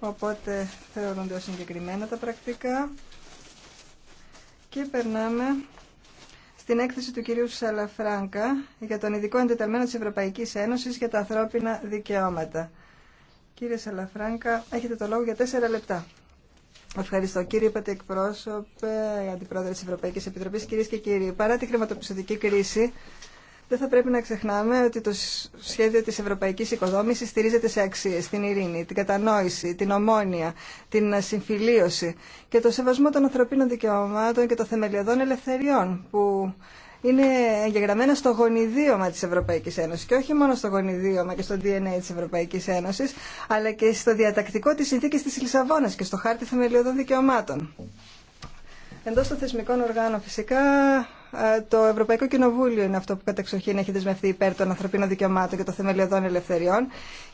Οπότε θεωρούνται ως συγκεκριμένα τα πρακτικά. Και περνάμε στην έκθεση του κυρίου Σαλαφράγκα για τον ειδικό εντεταλμένο της Ευρωπαϊκής Ένωσης για τα ανθρώπινα δικαιώματα. Κύριε Σαλαφράγκα, έχετε το λόγο για τέσσερα λεπτά. Ευχαριστώ κύριε Πατή Εκπρόσωπε, Αντιπρόεδρε της Ευρωπαϊκής Επιτροπής, κυρίες και κύριοι. Παρά τη χρηματοπιστωτική κρίση, δεν θα πρέπει να ξεχνάμε ότι το σχέδιο της ευρωπαϊκής οικοδόμησης στηρίζεται σε αξίες, την ειρήνη, την κατανόηση, την ομόνια, την συμφιλίωση και το σεβασμό των ανθρωπίνων δικαιωμάτων και των θεμελιωδών ελευθεριών που είναι εγγεγραμμένα στο γονιδίωμα της Ευρωπαϊκής Ένωσης και όχι μόνο στο γονιδίωμα και στο DNA της Ευρωπαϊκής Ένωσης αλλά και στο διατακτικό της συνθήκης της Λισαβόνας και στο χάρτη θεμελιωδών δικαιωμάτων. Εντός των θεσμικών οργάνων φυσικά ε, το Ευρωπαϊκό Κοινοβούλιο είναι αυτό που κατεξοχήν έχει δεσμευτεί υπέρ των ανθρωπίνων δικαιωμάτων και των θεμελιωδών ελευθεριών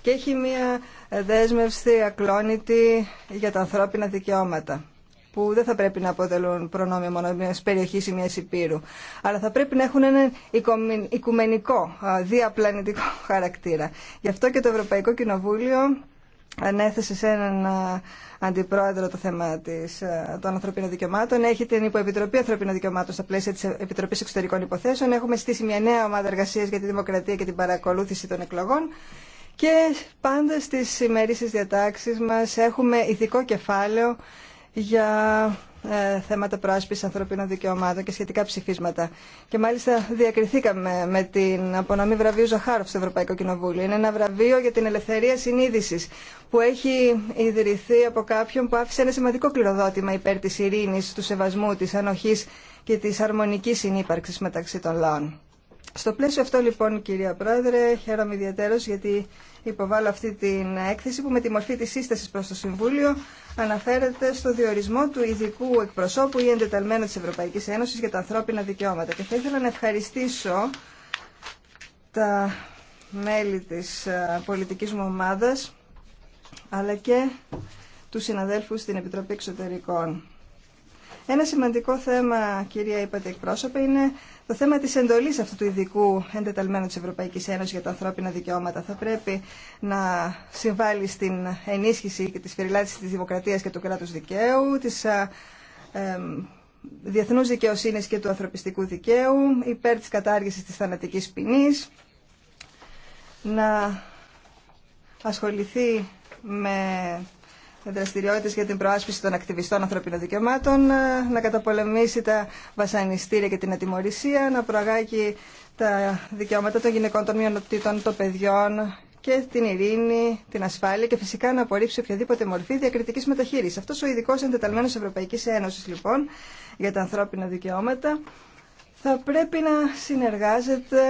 και έχει μία δέσμευση ακλόνητη για τα ανθρώπινα δικαιώματα που δεν θα πρέπει να αποτελούν προνόμιο μόνο μια περιοχή ή μια υπήρου, αλλά θα πρέπει να έχουν έναν οικουμενικό, διαπλανητικό χαρακτήρα. Γι' αυτό και το Ευρωπαϊκό Κοινοβούλιο ανέθεσε σε έναν αντιπρόεδρο το θέμα της, των ανθρωπίνων δικαιωμάτων. Έχει την Υποεπιτροπή Ανθρωπίνων Δικαιωμάτων στα πλαίσια της Επιτροπής Εξωτερικών Υποθέσεων. Έχουμε στήσει μια νέα ομάδα εργασίας για τη δημοκρατία και την παρακολούθηση των εκλογών. Και πάντα στις ημερήσεις διατάξεις μας έχουμε ηθικό κεφάλαιο για ε, θέματα προάσπιση ανθρωπίνων δικαιωμάτων και σχετικά ψηφίσματα. Και μάλιστα διακριθήκαμε με την απονομή βραβείου Ζαχάροφ στο Ευρωπαϊκό Κοινοβούλιο. Είναι ένα βραβείο για την ελευθερία συνείδησης που έχει ιδρυθεί από κάποιον που άφησε ένα σημαντικό κληροδότημα υπέρ της ειρήνης, του σεβασμού, της ανοχής και της αρμονικής συνύπαρξης μεταξύ των λαών. Στο πλαίσιο αυτό λοιπόν κυρία Πρόεδρε χαίρομαι γιατί Υποβάλλω αυτή την έκθεση που με τη μορφή της σύστασης προς το Συμβούλιο αναφέρεται στο διορισμό του ειδικού εκπροσώπου ή εντεταλμένου της Ευρωπαϊκής Ένωσης για τα ανθρώπινα δικαιώματα. Και θα ήθελα να ευχαριστήσω τα μέλη της ε, πολιτικής μου ομάδας αλλά και τους συναδέλφους στην Επιτροπή Εξωτερικών. Ένα σημαντικό θέμα, κυρία είπατε εκπρόσωπε, είναι το θέμα της εντολής αυτού του ειδικού εντεταλμένου της Ευρωπαϊκής Ένωσης για τα ανθρώπινα δικαιώματα θα πρέπει να συμβάλλει στην ενίσχυση και τη σφυριλάτηση της δημοκρατίας και του κράτους δικαίου, της ε, διεθνούς δικαιοσύνης και του ανθρωπιστικού δικαίου, υπέρ της κατάργησης της θανατικής ποινής, να ασχοληθεί με δραστηριότητε για την προάσπιση των ακτιβιστών ανθρωπίνων δικαιωμάτων, ε, να καταπολεμήσει τα βασανιστήρια και την ατιμορρησία, να προαγάγει τα δικαιώματα των γυναικών, των μειονοτήτων, των παιδιών και την ειρήνη, την ασφάλεια και φυσικά να απορρίψει οποιαδήποτε μορφή διακριτική μεταχείριση. Αυτό ο ειδικό εντεταλμένο Ευρωπαϊκή Ένωση λοιπόν για τα ανθρώπινα δικαιώματα θα πρέπει να συνεργάζεται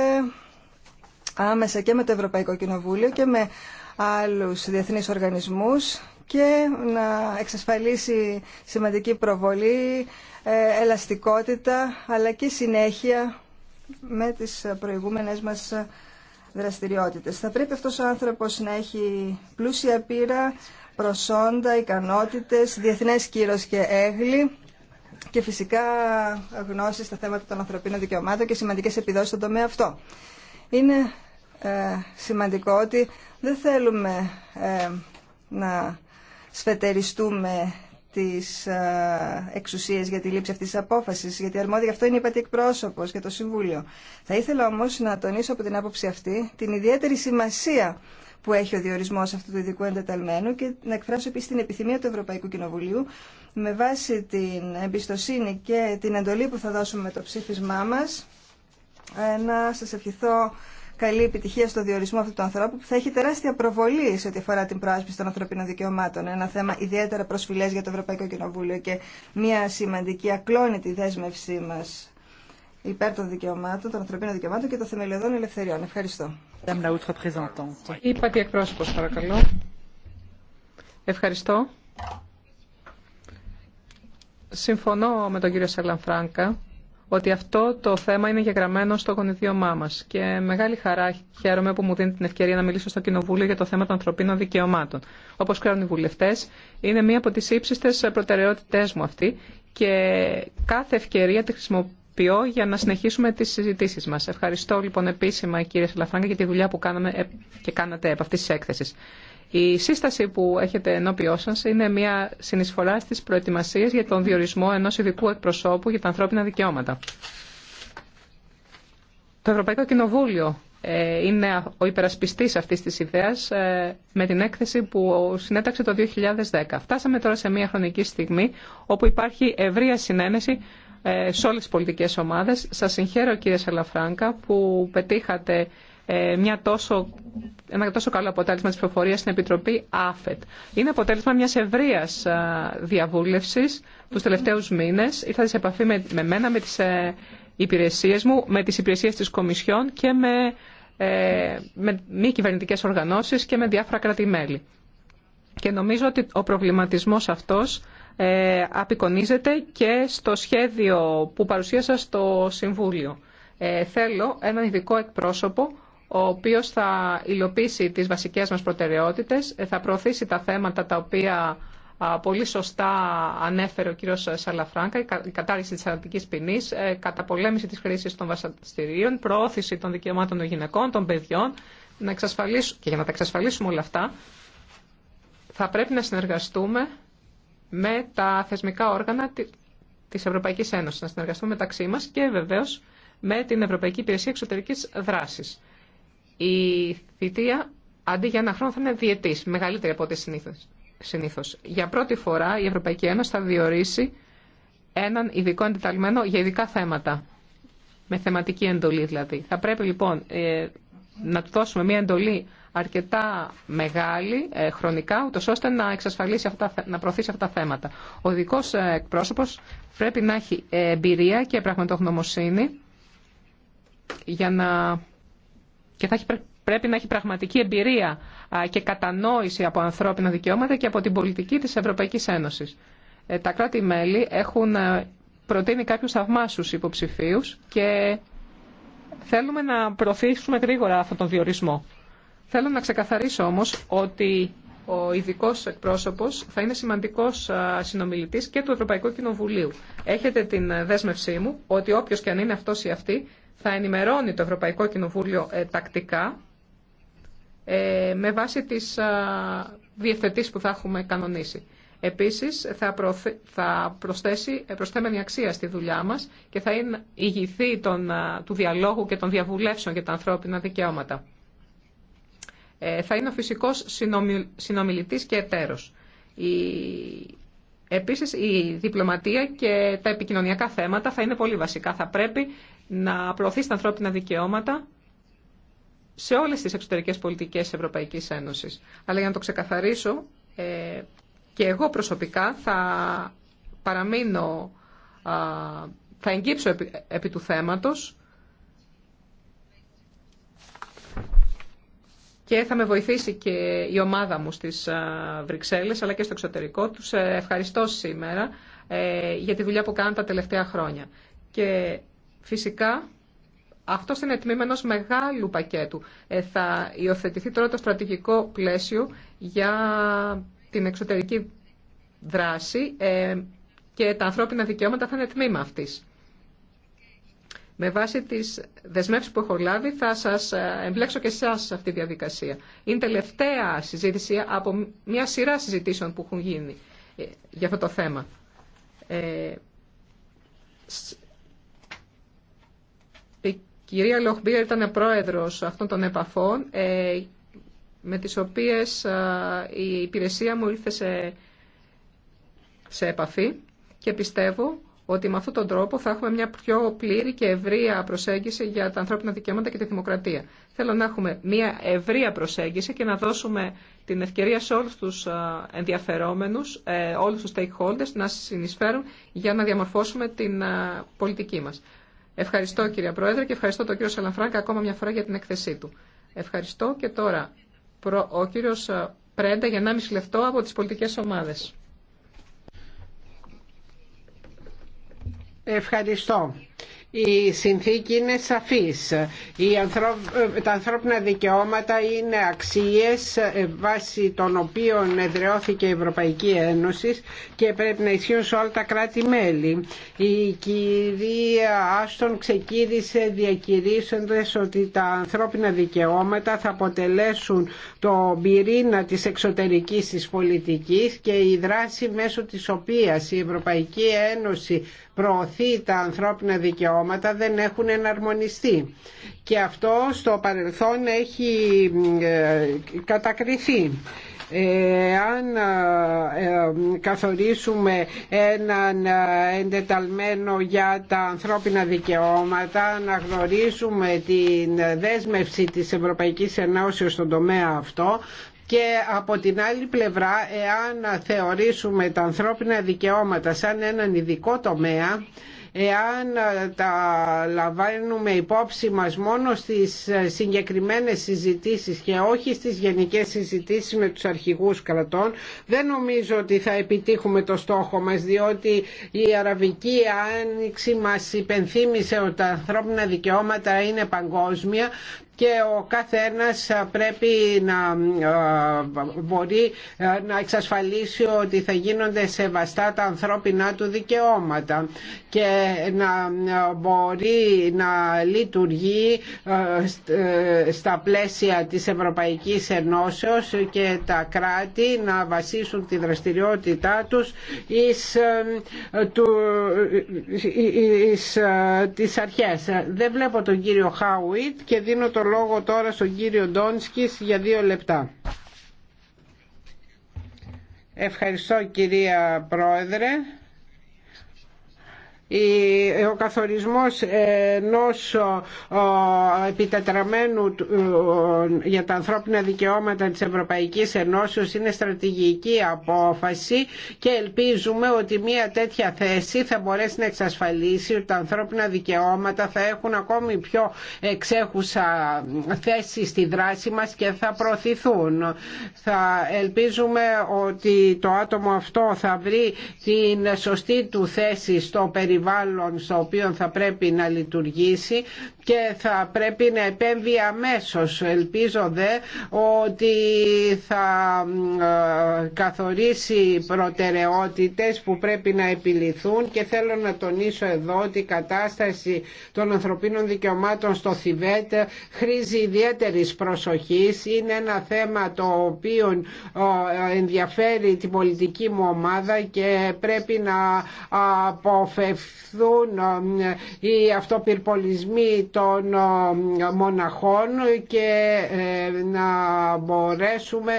άμεσα και με το Ευρωπαϊκό Κοινοβούλιο και με άλλους διεθνείς οργανισμούς και να εξασφαλίσει σημαντική προβολή, ε, ελαστικότητα αλλά και συνέχεια με τις προηγούμενες μας δραστηριότητες. Θα πρέπει αυτός ο άνθρωπος να έχει πλούσια πείρα, προσόντα, ικανότητες, διεθνές κύρος και έγκλη και φυσικά γνώσεις στα θέματα των ανθρωπίνων δικαιωμάτων και σημαντικές επιδόσεις στον τομέα αυτό. Είναι ε, σημαντικό ότι δεν θέλουμε ε, να σφετεριστούμε τις ε, εξουσίες για τη λήψη αυτής της απόφασης, γιατί αρμόδια αυτό είναι η πατή για και το Συμβούλιο. Θα ήθελα όμως να τονίσω από την άποψη αυτή την ιδιαίτερη σημασία που έχει ο διορισμός αυτού του ειδικού εντεταλμένου και να εκφράσω επίσης την επιθυμία του Ευρωπαϊκού Κοινοβουλίου με βάση την εμπιστοσύνη και την εντολή που θα δώσουμε με το ψήφισμά μας ε, να σας ευχηθώ καλή επιτυχία στο διορισμό αυτού του ανθρώπου που θα έχει τεράστια προβολή σε ό,τι αφορά την προάσπιση των ανθρωπίνων δικαιωμάτων. Ένα θέμα ιδιαίτερα προσφυλέ για το Ευρωπαϊκό Κοινοβούλιο και μια σημαντική ακλόνητη δέσμευσή μα υπέρ των δικαιωμάτων, των ανθρωπίνων δικαιωμάτων και των θεμελιωδών ελευθεριών. Ευχαριστώ. Είπατε εκπρόσωπο. παρακαλώ. Ευχαριστώ. Συμφωνώ με τον κύριο Σαλανφράγκα ότι αυτό το θέμα είναι γεγραμμένο στο γονιδίωμά μα. Και μεγάλη χαρά χαίρομαι που μου δίνει την ευκαιρία να μιλήσω στο Κοινοβούλιο για το θέμα των ανθρωπίνων δικαιωμάτων. Όπω ξέρουν οι βουλευτέ, είναι μία από τι ύψιστε προτεραιότητέ μου αυτή και κάθε ευκαιρία τη χρησιμοποιώ για να συνεχίσουμε τι συζητήσει μα. Ευχαριστώ λοιπόν επίσημα, κύριε Σαλαφράγκα, για τη δουλειά που κάναμε και κάνατε από αυτή τη έκθεση. Η σύσταση που έχετε ενώπιό σα είναι μια συνεισφορά στι προετοιμασίε για τον διορισμό ενό ειδικού εκπροσώπου για τα ανθρώπινα δικαιώματα. Το Ευρωπαϊκό Κοινοβούλιο ε, είναι ο υπερασπιστής αυτής της ιδέας ε, με την έκθεση που συνέταξε το 2010. Φτάσαμε τώρα σε μια χρονική στιγμή όπου υπάρχει ευρεία συνένεση ε, σε όλες τις πολιτικές ομάδες. Σας συγχαίρω κύριε Σαλαφράγκα που πετύχατε ε, μια τόσο, ένα τόσο καλό αποτέλεσμα της προφορίας στην Επιτροπή ΑΦΕΤ. Είναι αποτέλεσμα μιας ευρείας διαβούλευσης τους τελευταίους μήνες. Ήρθατε σε επαφή με, με μένα, με τις ε, υπηρεσίες μου, με τις υπηρεσίες της Κομισιόν και με, ε, με μη κυβερνητικέ οργανώσεις και με διάφορα κράτη-μέλη. Και νομίζω ότι ο προβληματισμός αυτός ε, απεικονίζεται και στο σχέδιο που παρουσίασα στο Συμβούλιο. Ε, θέλω έναν ειδικό εκπρόσωπο ο οποίος θα υλοποιήσει τις βασικές μας προτεραιότητες, θα προωθήσει τα θέματα τα οποία πολύ σωστά ανέφερε ο κύριος Σαλαφράγκα, η κατάργηση της αρνητικής ποινής, ε, καταπολέμηση της χρήσης των βασανιστήριων, προώθηση των δικαιωμάτων των γυναικών, των παιδιών, να και για να τα εξασφαλίσουμε όλα αυτά, θα πρέπει να συνεργαστούμε με τα θεσμικά όργανα της Ευρωπαϊκής Ένωσης, να συνεργαστούμε μεταξύ μας και βεβαίως με την Ευρωπαϊκή Υπηρεσία Εξωτερικής Δράσης. Η θητεία αντί για ένα χρόνο θα είναι διετής, μεγαλύτερη από ό,τι συνήθως. Για πρώτη φορά η Ευρωπαϊκή Ένωση θα διορίσει έναν ειδικό αντιταλμένο για ειδικά θέματα, με θεματική εντολή δηλαδή. Θα πρέπει λοιπόν ε, να του δώσουμε μια εντολή αρκετά μεγάλη ε, χρονικά, ούτω ώστε να εξασφαλίσει αυτά, να προωθήσει αυτά τα θέματα. Ο δικό ε, εκπρόσωπο πρέπει να έχει εμπειρία και πραγματογνωμοσύνη για να και θα πρέπει να έχει πραγματική εμπειρία και κατανόηση από ανθρώπινα δικαιώματα και από την πολιτική της Ευρωπαϊκής Ένωσης. Ε, τα κράτη-μέλη έχουν ε, προτείνει κάποιους θαυμάσους υποψηφίους και θέλουμε να προωθήσουμε γρήγορα αυτόν τον διορισμό. Θέλω να ξεκαθαρίσω όμως ότι ο ειδικό εκπρόσωπο θα είναι σημαντικό συνομιλητή και του Ευρωπαϊκού Κοινοβουλίου. Έχετε την ε, δέσμευσή μου ότι όποιο και αν είναι αυτό ή αυτή θα ενημερώνει το Ευρωπαϊκό Κοινοβούλιο ε, τακτικά ε, με βάση τις ε, που θα έχουμε κανονίσει. Επίσης θα, θα προσθέσει ε, προσθέμενη αξία στη δουλειά μας και θα είναι ηγηθή των, του διαλόγου και των διαβουλεύσεων για τα ανθρώπινα δικαιώματα. θα είναι ο φυσικός συνομιλητής και εταίρος. Η... Επίσης η διπλωματία και τα επικοινωνιακά θέματα θα είναι πολύ βασικά. Θα πρέπει να προωθήσει τα ανθρώπινα δικαιώματα σε όλες τις εξωτερικές πολιτικές της Ευρωπαϊκής Ένωσης. Αλλά για να το ξεκαθαρίσω, ε, και εγώ προσωπικά θα παραμείνω, θα εγγύψω επί, του θέματος και θα με βοηθήσει και η ομάδα μου στις Βρυξέλλες αλλά και στο εξωτερικό τους. Ε, ευχαριστώ σήμερα ε, για τη δουλειά που κάνουν τα τελευταία χρόνια. Και Φυσικά, αυτό είναι τμήμα ενό μεγάλου πακέτου. Ε, θα υιοθετηθεί τώρα το στρατηγικό πλαίσιο για την εξωτερική δράση ε, και τα ανθρώπινα δικαιώματα θα είναι τμήμα αυτή. Με βάση τις δεσμεύσεις που έχω λάβει θα σας ε, εμπλέξω και εσά σε αυτή τη διαδικασία. Είναι τελευταία συζήτηση από μια σειρά συζητήσεων που έχουν γίνει για αυτό το θέμα κυρία Λοχμπίερ ήταν πρόεδρος αυτών των επαφών ε, με τις οποίες ε, η υπηρεσία μου ήρθε σε, επαφή και πιστεύω ότι με αυτόν τον τρόπο θα έχουμε μια πιο πλήρη και ευρεία προσέγγιση για τα ανθρώπινα δικαιώματα και τη δημοκρατία. Θέλω να έχουμε μια ευρεία προσέγγιση και να δώσουμε την ευκαιρία σε όλους τους ε, ενδιαφερόμενους, όλους τους stakeholders να συνεισφέρουν για να διαμορφώσουμε την πολιτική μας. Ευχαριστώ κυρία Πρόεδρε και ευχαριστώ τον κύριο Σαλαφράγκα ακόμα μια φορά για την εκθεσή του. Ευχαριστώ και τώρα ο κύριος ε, Πρέντα για 1,5 λεπτό από τις πολιτικές ομάδες. Ευχαριστώ η συνθήκη είναι σαφής. Η Τα ανθρώπινα δικαιώματα είναι αξίες ε, βάσει των οποίων εδραιώθηκε η Ευρωπαϊκή Ένωση και πρέπει να ισχύουν σε όλα τα κράτη-μέλη. Η κυρία Άστον ξεκίνησε διακηρύσσοντας ότι τα ανθρώπινα δικαιώματα θα αποτελέσουν το πυρήνα της εξωτερικής της πολιτικής και η δράση μέσω της οποίας η Ευρωπαϊκή Ένωση προωθεί τα ανθρώπινα δικαιώματα δεν έχουν εναρμονιστεί. Και αυτό στο παρελθόν έχει ε, κατακριθεί ε, αν ε, καθορίσουμε έναν εντεταλμένο για τα ανθρώπινα δικαιώματα να γνωρίσουμε την δέσμευση της Ευρωπαϊκής Ενώσεως στον τομέα αυτό και από την άλλη πλευρά εάν θεωρήσουμε τα ανθρώπινα δικαιώματα σαν έναν ειδικό τομέα εάν τα λαμβάνουμε υπόψη μας μόνο στις συγκεκριμένες συζητήσεις και όχι στις γενικές συζητήσεις με τους αρχηγούς κρατών δεν νομίζω ότι θα επιτύχουμε το στόχο μας διότι η Αραβική Άνοιξη μας υπενθύμησε ότι τα ανθρώπινα δικαιώματα είναι παγκόσμια και ο ένας πρέπει να μπορεί να εξασφαλίσει ότι θα γίνονται σεβαστά τα ανθρώπινά του δικαιώματα και να μπορεί να λειτουργεί ε, στα πλαίσια της Ευρωπαϊκής Ενώσεως και τα κράτη να βασίσουν τη δραστηριότητά τους εις, ε, του, εις, ε, εις, τις αρχές. Δεν βλέπω τον κύριο Χάουιτ και δίνω το το λόγο τώρα στον κύριο Ντόνσκης για δύο λεπτά. Ευχαριστώ κυρία Πρόεδρε ο καθορισμός ενός επιτετραμένου για τα ανθρώπινα δικαιώματα της Ευρωπαϊκής Ενώσεως είναι στρατηγική απόφαση και ελπίζουμε ότι μια τέτοια θέση θα μπορέσει να εξασφαλίσει ότι τα ανθρώπινα δικαιώματα θα έχουν ακόμη πιο εξέχουσα θέση στη δράση μας και θα προωθηθούν. Θα ελπίζουμε ότι το άτομο αυτό θα βρει την σωστή του θέση στο περιβάλλον περιβάλλον στο οποίο θα πρέπει να λειτουργήσει και θα πρέπει να επέμβει αμέσως. Ελπίζω δε ότι θα καθορίσει προτεραιότητες που πρέπει να επιληθούν και θέλω να τονίσω εδώ ότι η κατάσταση των ανθρωπίνων δικαιωμάτων στο Θιβέτ χρήζει ιδιαίτερης προσοχής. Είναι ένα θέμα το οποίο ενδιαφέρει την πολιτική μου ομάδα και πρέπει να αποφευθούν οι αυτοπυρπολισμοί των μοναχών και ε, να μπορέσουμε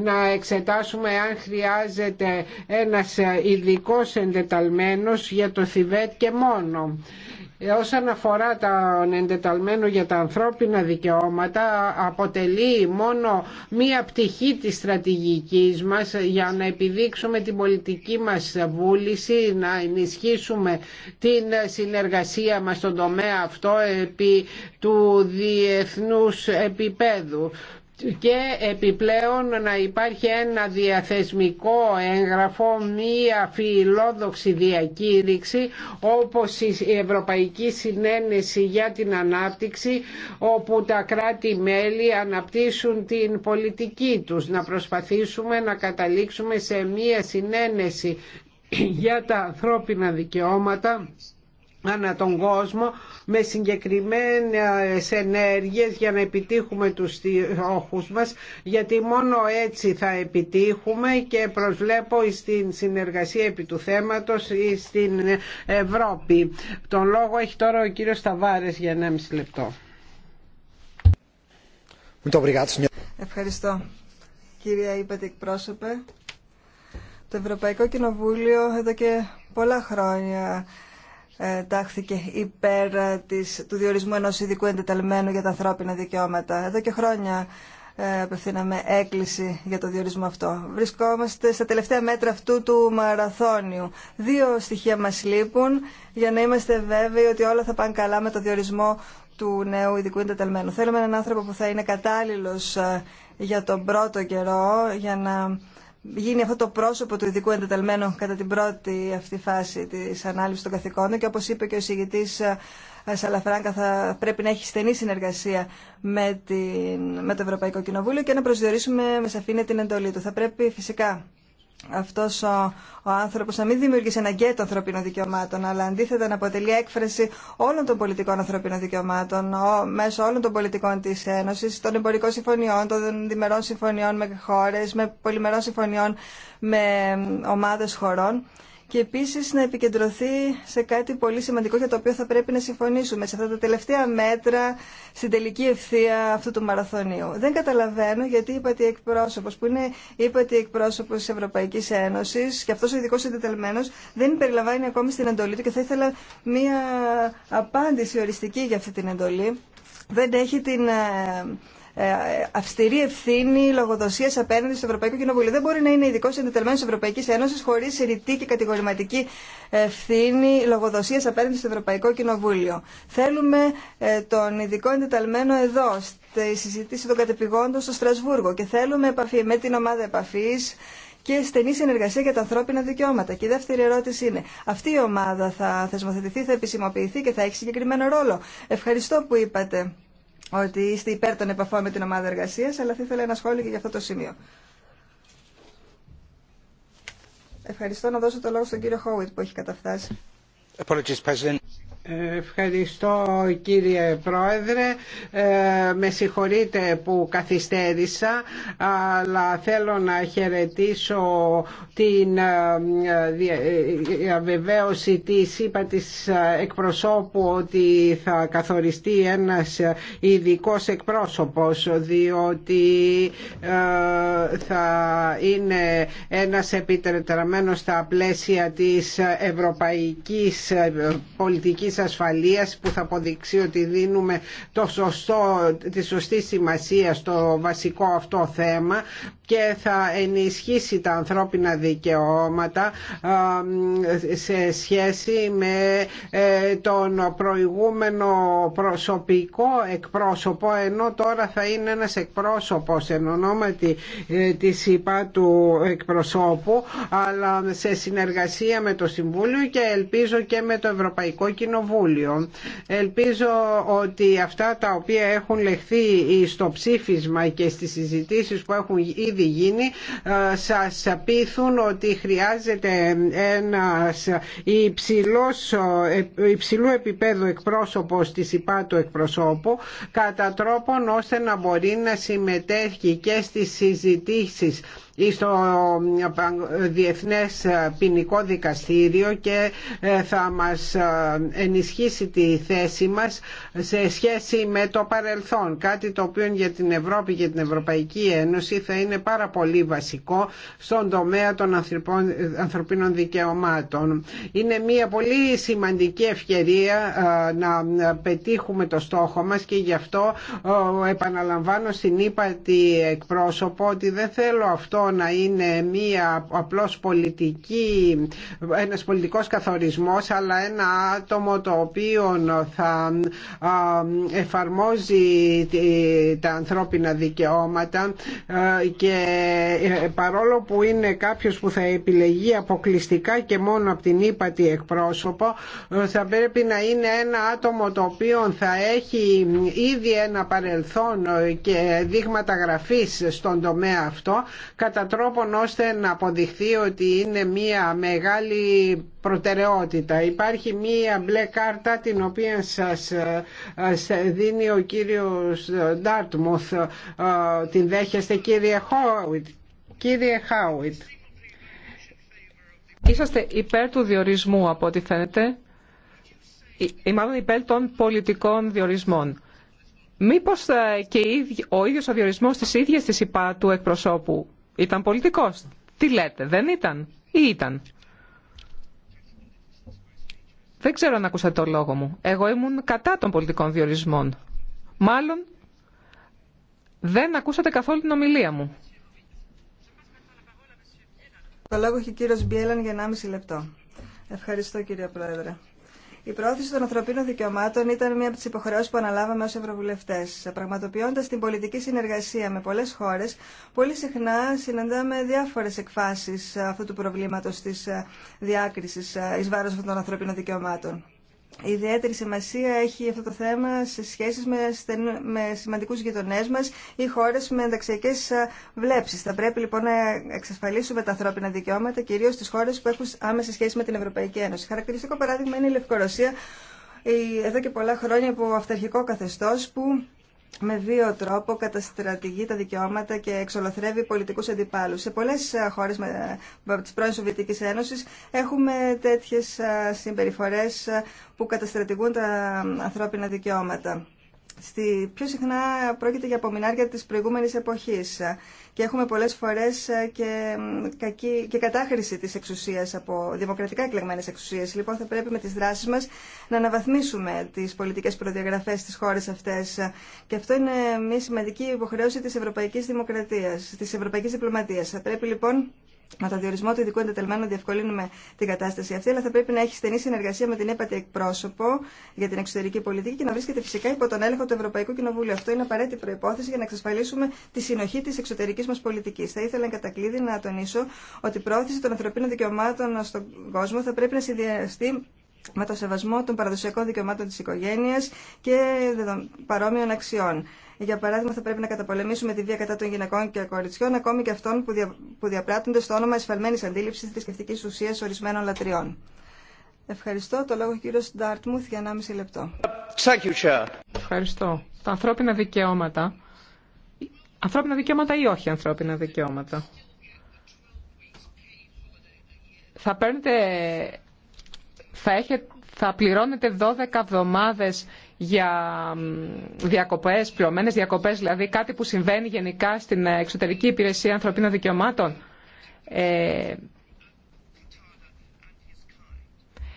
να εξετάσουμε αν χρειάζεται ένας ειδικό εντεταλμένος για το Θιβέτ και μόνο. Ε, όσον αφορά τα εντεταλμένο για τα ανθρώπινα δικαιώματα αποτελεί μόνο μία πτυχή της στρατηγικής μας για να επιδείξουμε την πολιτική μας βούληση να ενισχύσουμε την συνεργασία μας στον τομέα αυτό επί του διεθνούς επίπεδου και επιπλέον να υπάρχει ένα διαθεσμικό έγγραφο, μία φιλόδοξη διακήρυξη όπως η Ευρωπαϊκή Συνένεση για την Ανάπτυξη όπου τα κράτη-μέλη αναπτύσσουν την πολιτική τους. Να προσπαθήσουμε να καταλήξουμε σε μία συνένεση για τα ανθρώπινα δικαιώματα ανά τον κόσμο με συγκεκριμένες ενέργειες για να επιτύχουμε τους στόχους μας γιατί μόνο έτσι θα επιτύχουμε και προσβλέπω στην συνεργασία επί του θέματος στην Ευρώπη. Τον λόγο έχει τώρα ο κύριος Σταβάρες για 1,5 λεπτό. Ευχαριστώ. Κυρία είπατε εκπρόσωπε, το Ευρωπαϊκό Κοινοβούλιο εδώ και πολλά χρόνια τάχθηκε υπέρ ε, της, του διορισμού ενός ειδικού εντεταλμένου για τα ανθρώπινα δικαιώματα. Εδώ και χρόνια ε, απευθύναμε έκκληση για το διορισμό αυτό. Βρισκόμαστε στα τελευταία μέτρα αυτού του μαραθώνιου. Δύο στοιχεία μας λείπουν για να είμαστε βέβαιοι ότι όλα θα πάνε καλά με το διορισμό του νέου ειδικού εντεταλμένου. Θέλουμε έναν άνθρωπο που θα είναι κατάλληλος ε, για τον πρώτο καιρό, για να γίνει αυτό το πρόσωπο του ειδικού εντεταλμένου κατά την πρώτη αυτή φάση της ανάλυσης των καθηκόντων και όπως είπε και ο συγητής ε, Σαλαφράγκα θα πρέπει να έχει στενή συνεργασία με, την, με το Ευρωπαϊκό Κοινοβούλιο και να προσδιορίσουμε με σαφήνεια την εντολή του. Θα πρέπει φυσικά αυτός ο, ο άνθρωπος να μην δημιούργησε ένα γκέτο ανθρωπίνων δικαιωμάτων, αλλά αντίθετα να αποτελεί έκφραση όλων των πολιτικών ανθρωπίνων δικαιωμάτων, μέσω όλων των πολιτικών της Ένωσης, των εμπορικών συμφωνιών, των διμερών συμφωνιών με χώρες, με πολυμερών συμφωνιών με ομάδες χωρών και επίση να επικεντρωθεί σε κάτι πολύ σημαντικό για το οποίο θα πρέπει να συμφωνήσουμε, σε αυτά τα τελευταία μέτρα στην τελική ευθεία αυτού του μαραθωνίου. Δεν καταλαβαίνω γιατί είπα ότι εκπρόσωπος που είναι είπα ότι εκπρόσωπος της Ευρωπαϊκής Ένωσης και αυτός ο ειδικό εντεταλμένο δεν περιλαμβάνει ακόμη στην εντολή του και θα ήθελα μία απάντηση οριστική για αυτή την εντολή. Δεν έχει την ε, ε, αυστηρή ευθύνη λογοδοσία απέναντι στο Ευρωπαϊκό Κοινοβούλιο. Δεν μπορεί να είναι ειδικό εντεταλμένο τη Ευρωπαϊκή Ένωση χωρί ρητή και κατηγορηματική ευθύνη λογοδοσία απέναντι στο Ευρωπαϊκό Κοινοβούλιο. Θέλουμε ε, τον ειδικό εντεταλμένο εδώ, στη συζήτηση των κατεπηγόντων στο Στρασβούργο και θέλουμε επαφή με την ομάδα επαφή και στενή συνεργασία για τα ανθρώπινα δικαιώματα. Και η δεύτερη ερώτηση είναι, αυτή η ομάδα θα θεσμοθετηθεί, θα επισημοποιηθεί και θα έχει συγκεκριμένο ρόλο. Ευχαριστώ που είπατε ότι είστε υπέρ των επαφών με την ομάδα εργασίας, αλλά θα ήθελα ένα σχόλιο και για αυτό το σημείο. Ευχαριστώ να δώσω το λόγο στον κύριο Χόουιτ που έχει καταφτάσει. Ευχαριστώ κύριε Πρόεδρε. Ε, με συγχωρείτε που καθυστέρησα, αλλά θέλω να χαιρετήσω την διαβεβαίωση ε, ε, ε, της είπα της εκπροσώπου ότι θα καθοριστεί ένας ειδικό εκπρόσωπος, διότι θα είναι ένας επιτετραμένος στα πλαίσια της ευρωπαϊκής πολιτικής ασφαλείας που θα αποδειξεί ότι δίνουμε το σωστό, τη σωστή σημασία στο βασικό αυτό θέμα και θα ενισχύσει τα ανθρώπινα δικαιώματα σε σχέση με ε, τον προηγούμενο προσωπικό εκπρόσωπο ενώ τώρα θα είναι ένας εκπρόσωπος εν ονόματι ε, της ΥΠΑ του εκπροσώπου αλλά σε συνεργασία με το Συμβούλιο και ελπίζω και με το Ευρωπαϊκό Κοινοβούλιο. Ελπίζω ότι αυτά τα οποία έχουν λεχθεί στο ψήφισμα και στις συζητήσεις που έχουν ήδη ήδη γίνει ε, σας πείθουν ότι χρειάζεται ένας ε, υψηλού επίπεδου εκπρόσωπος της υπάτου εκπροσώπου κατά τρόπον ώστε να μπορεί να συμμετέχει και στις συζητήσεις στο ε, ε, Διεθνές ε, Ποινικό Δικαστήριο και θα μας ενισχύσει τη θέση μας σε σχέση με το παρελθόν. Κάτι το οποίο για την Ευρώπη και την Ευρωπαϊκή Ένωση θα είναι πάρα πολύ βασικό στον τομέα των ανθρωπίνων δικαιωμάτων. Είναι μια πολύ σημαντική ευκαιρία να πετύχουμε το στόχο μας και γι' αυτό επαναλαμβάνω στην ύπατη εκπρόσωπο ότι δεν θέλω αυτό να είναι μία απλώς πολιτική, ένας πολιτικός καθορισμός αλλά ένα άτομο το οποίο θα εφαρμόζει τα ανθρώπινα δικαιώματα και ε, παρόλο που είναι κάποιος που θα επιλεγεί αποκλειστικά και μόνο από την ύπατη εκπρόσωπο ε, θα πρέπει να είναι ένα άτομο το οποίο θα έχει ήδη ένα παρελθόν ε, και δείγματα γραφής στον τομέα αυτό κατά τρόπον ώστε να αποδειχθεί ότι είναι μια μεγάλη προτεραιότητα. Υπάρχει μια μπλε κάρτα την οποία σας ε, δίνει ο κύριος Ντάρτμουθ. Ε, την δέχεστε κύριε Χάουιτ. Κύριε Χάουιτ. Είσαστε υπέρ του διορισμού από ό,τι φαίνεται ή μάλλον υπέρ των πολιτικών διορισμών. Μήπως ε, και ο ίδιος ο διορισμός της ίδιας της ΥΠΑ του εκπροσώπου ήταν πολιτικός. Τι λέτε, δεν ήταν ή ήταν. Δεν ξέρω αν ακούσατε το λόγο μου. Εγώ ήμουν κατά των πολιτικών διορισμών. Μάλλον δεν ακούσατε καθόλου την ομιλία μου. Το λόγο έχει ο κύριος Μπιέλλαν για 1,5 λεπτό. Ευχαριστώ κύριε Πρόεδρε. Η πρόθεση των ανθρωπίνων δικαιωμάτων ήταν μία από τι υποχρεώσει που αναλάβαμε ω Ευρωβουλευτέ. Πραγματοποιώντα την πολιτική συνεργασία με πολλέ χώρε, πολύ συχνά συναντάμε διάφορε εκφάσει αυτού του προβλήματο τη ε, διάκριση ε, ει βάρο των ανθρωπίνων δικαιωμάτων. Ιδιαίτερη σημασία έχει αυτό το θέμα σε σχέσεις με, στεν... με σημαντικούς γειτονές μας ή χώρες με ενταξιακές βλέψεις. Θα πρέπει λοιπόν να εξασφαλίσουμε τα ανθρώπινα δικαιώματα, κυρίως στις χώρες που έχουν άμεση σχέση με την Ευρωπαϊκή Ένωση. Χαρακτηριστικό παράδειγμα είναι η Λευκορωσία, εδώ και πολλά χρόνια από αυταρχικό καθεστώς που με βίο τρόπο καταστρατηγεί τα δικαιώματα και εξολοθρεύει πολιτικού αντιπάλου. Σε πολλέ ε, χώρε τη πρώην Σοβιετική Ένωση έχουμε τέτοιε συμπεριφορέ ε, που καταστρατηγούν τα ε, ανθρώπινα δικαιώματα στη, πιο συχνά πρόκειται για απομεινάρια της προηγούμενης εποχής και έχουμε πολλές φορές ε, και, κακή, και κατάχρηση της εξουσίας από δημοκρατικά εκλεγμένες εξουσίες. Λοιπόν, θα πρέπει με τις δράσεις μας να αναβαθμίσουμε τις πολιτικές προδιαγραφές στις χώρες αυτές και αυτό είναι μια σημαντική υποχρέωση της ευρωπαϊκής δημοκρατίας, της ευρωπαϊκής διπλωματίας. Θα πρέπει λοιπόν με τον διορισμό του ειδικού εντετελμένου διευκολύνουμε την κατάσταση αυτή, αλλά θα πρέπει να έχει στενή συνεργασία με την έπατη εκπρόσωπο για την εξωτερική πολιτική και να βρίσκεται φυσικά υπό τον έλεγχο του Ευρωπαϊκού Κοινοβούλου. Αυτό είναι απαραίτητη προπόθεση για να εξασφαλίσουμε τη συνοχή τη εξωτερική μα πολιτική. Θα ήθελα εν κατακλείδη να τονίσω ότι η πρόθεση των ανθρωπίνων δικαιωμάτων στον κόσμο θα πρέπει να συνδυαστεί με το σεβασμό των παραδοσιακών δικαιωμάτων τη οικογένεια και παρόμοιων αξιών. Για παράδειγμα, θα πρέπει να καταπολεμήσουμε τη βία κατά των γυναικών και κοριτσιών, ακόμη και αυτών που, δια, που διαπράττονται στο όνομα εσφαλμένη αντίληψη θρησκευτική ουσία ορισμένων λατριών. Ευχαριστώ. Το λόγο κύριο Ντάρτμουθ για 1,5 λεπτό. Ευχαριστώ. Τα ανθρώπινα δικαιώματα. Ανθρώπινα δικαιώματα ή όχι ανθρώπινα δικαιώματα. Θα παίρνετε, θα έχετε, θα πληρώνετε 12 εβδομάδε για διακοπές, πληρωμένες διακοπές, δηλαδή κάτι που συμβαίνει γενικά στην εξωτερική υπηρεσία ανθρωπίνων δικαιωμάτων. Ε,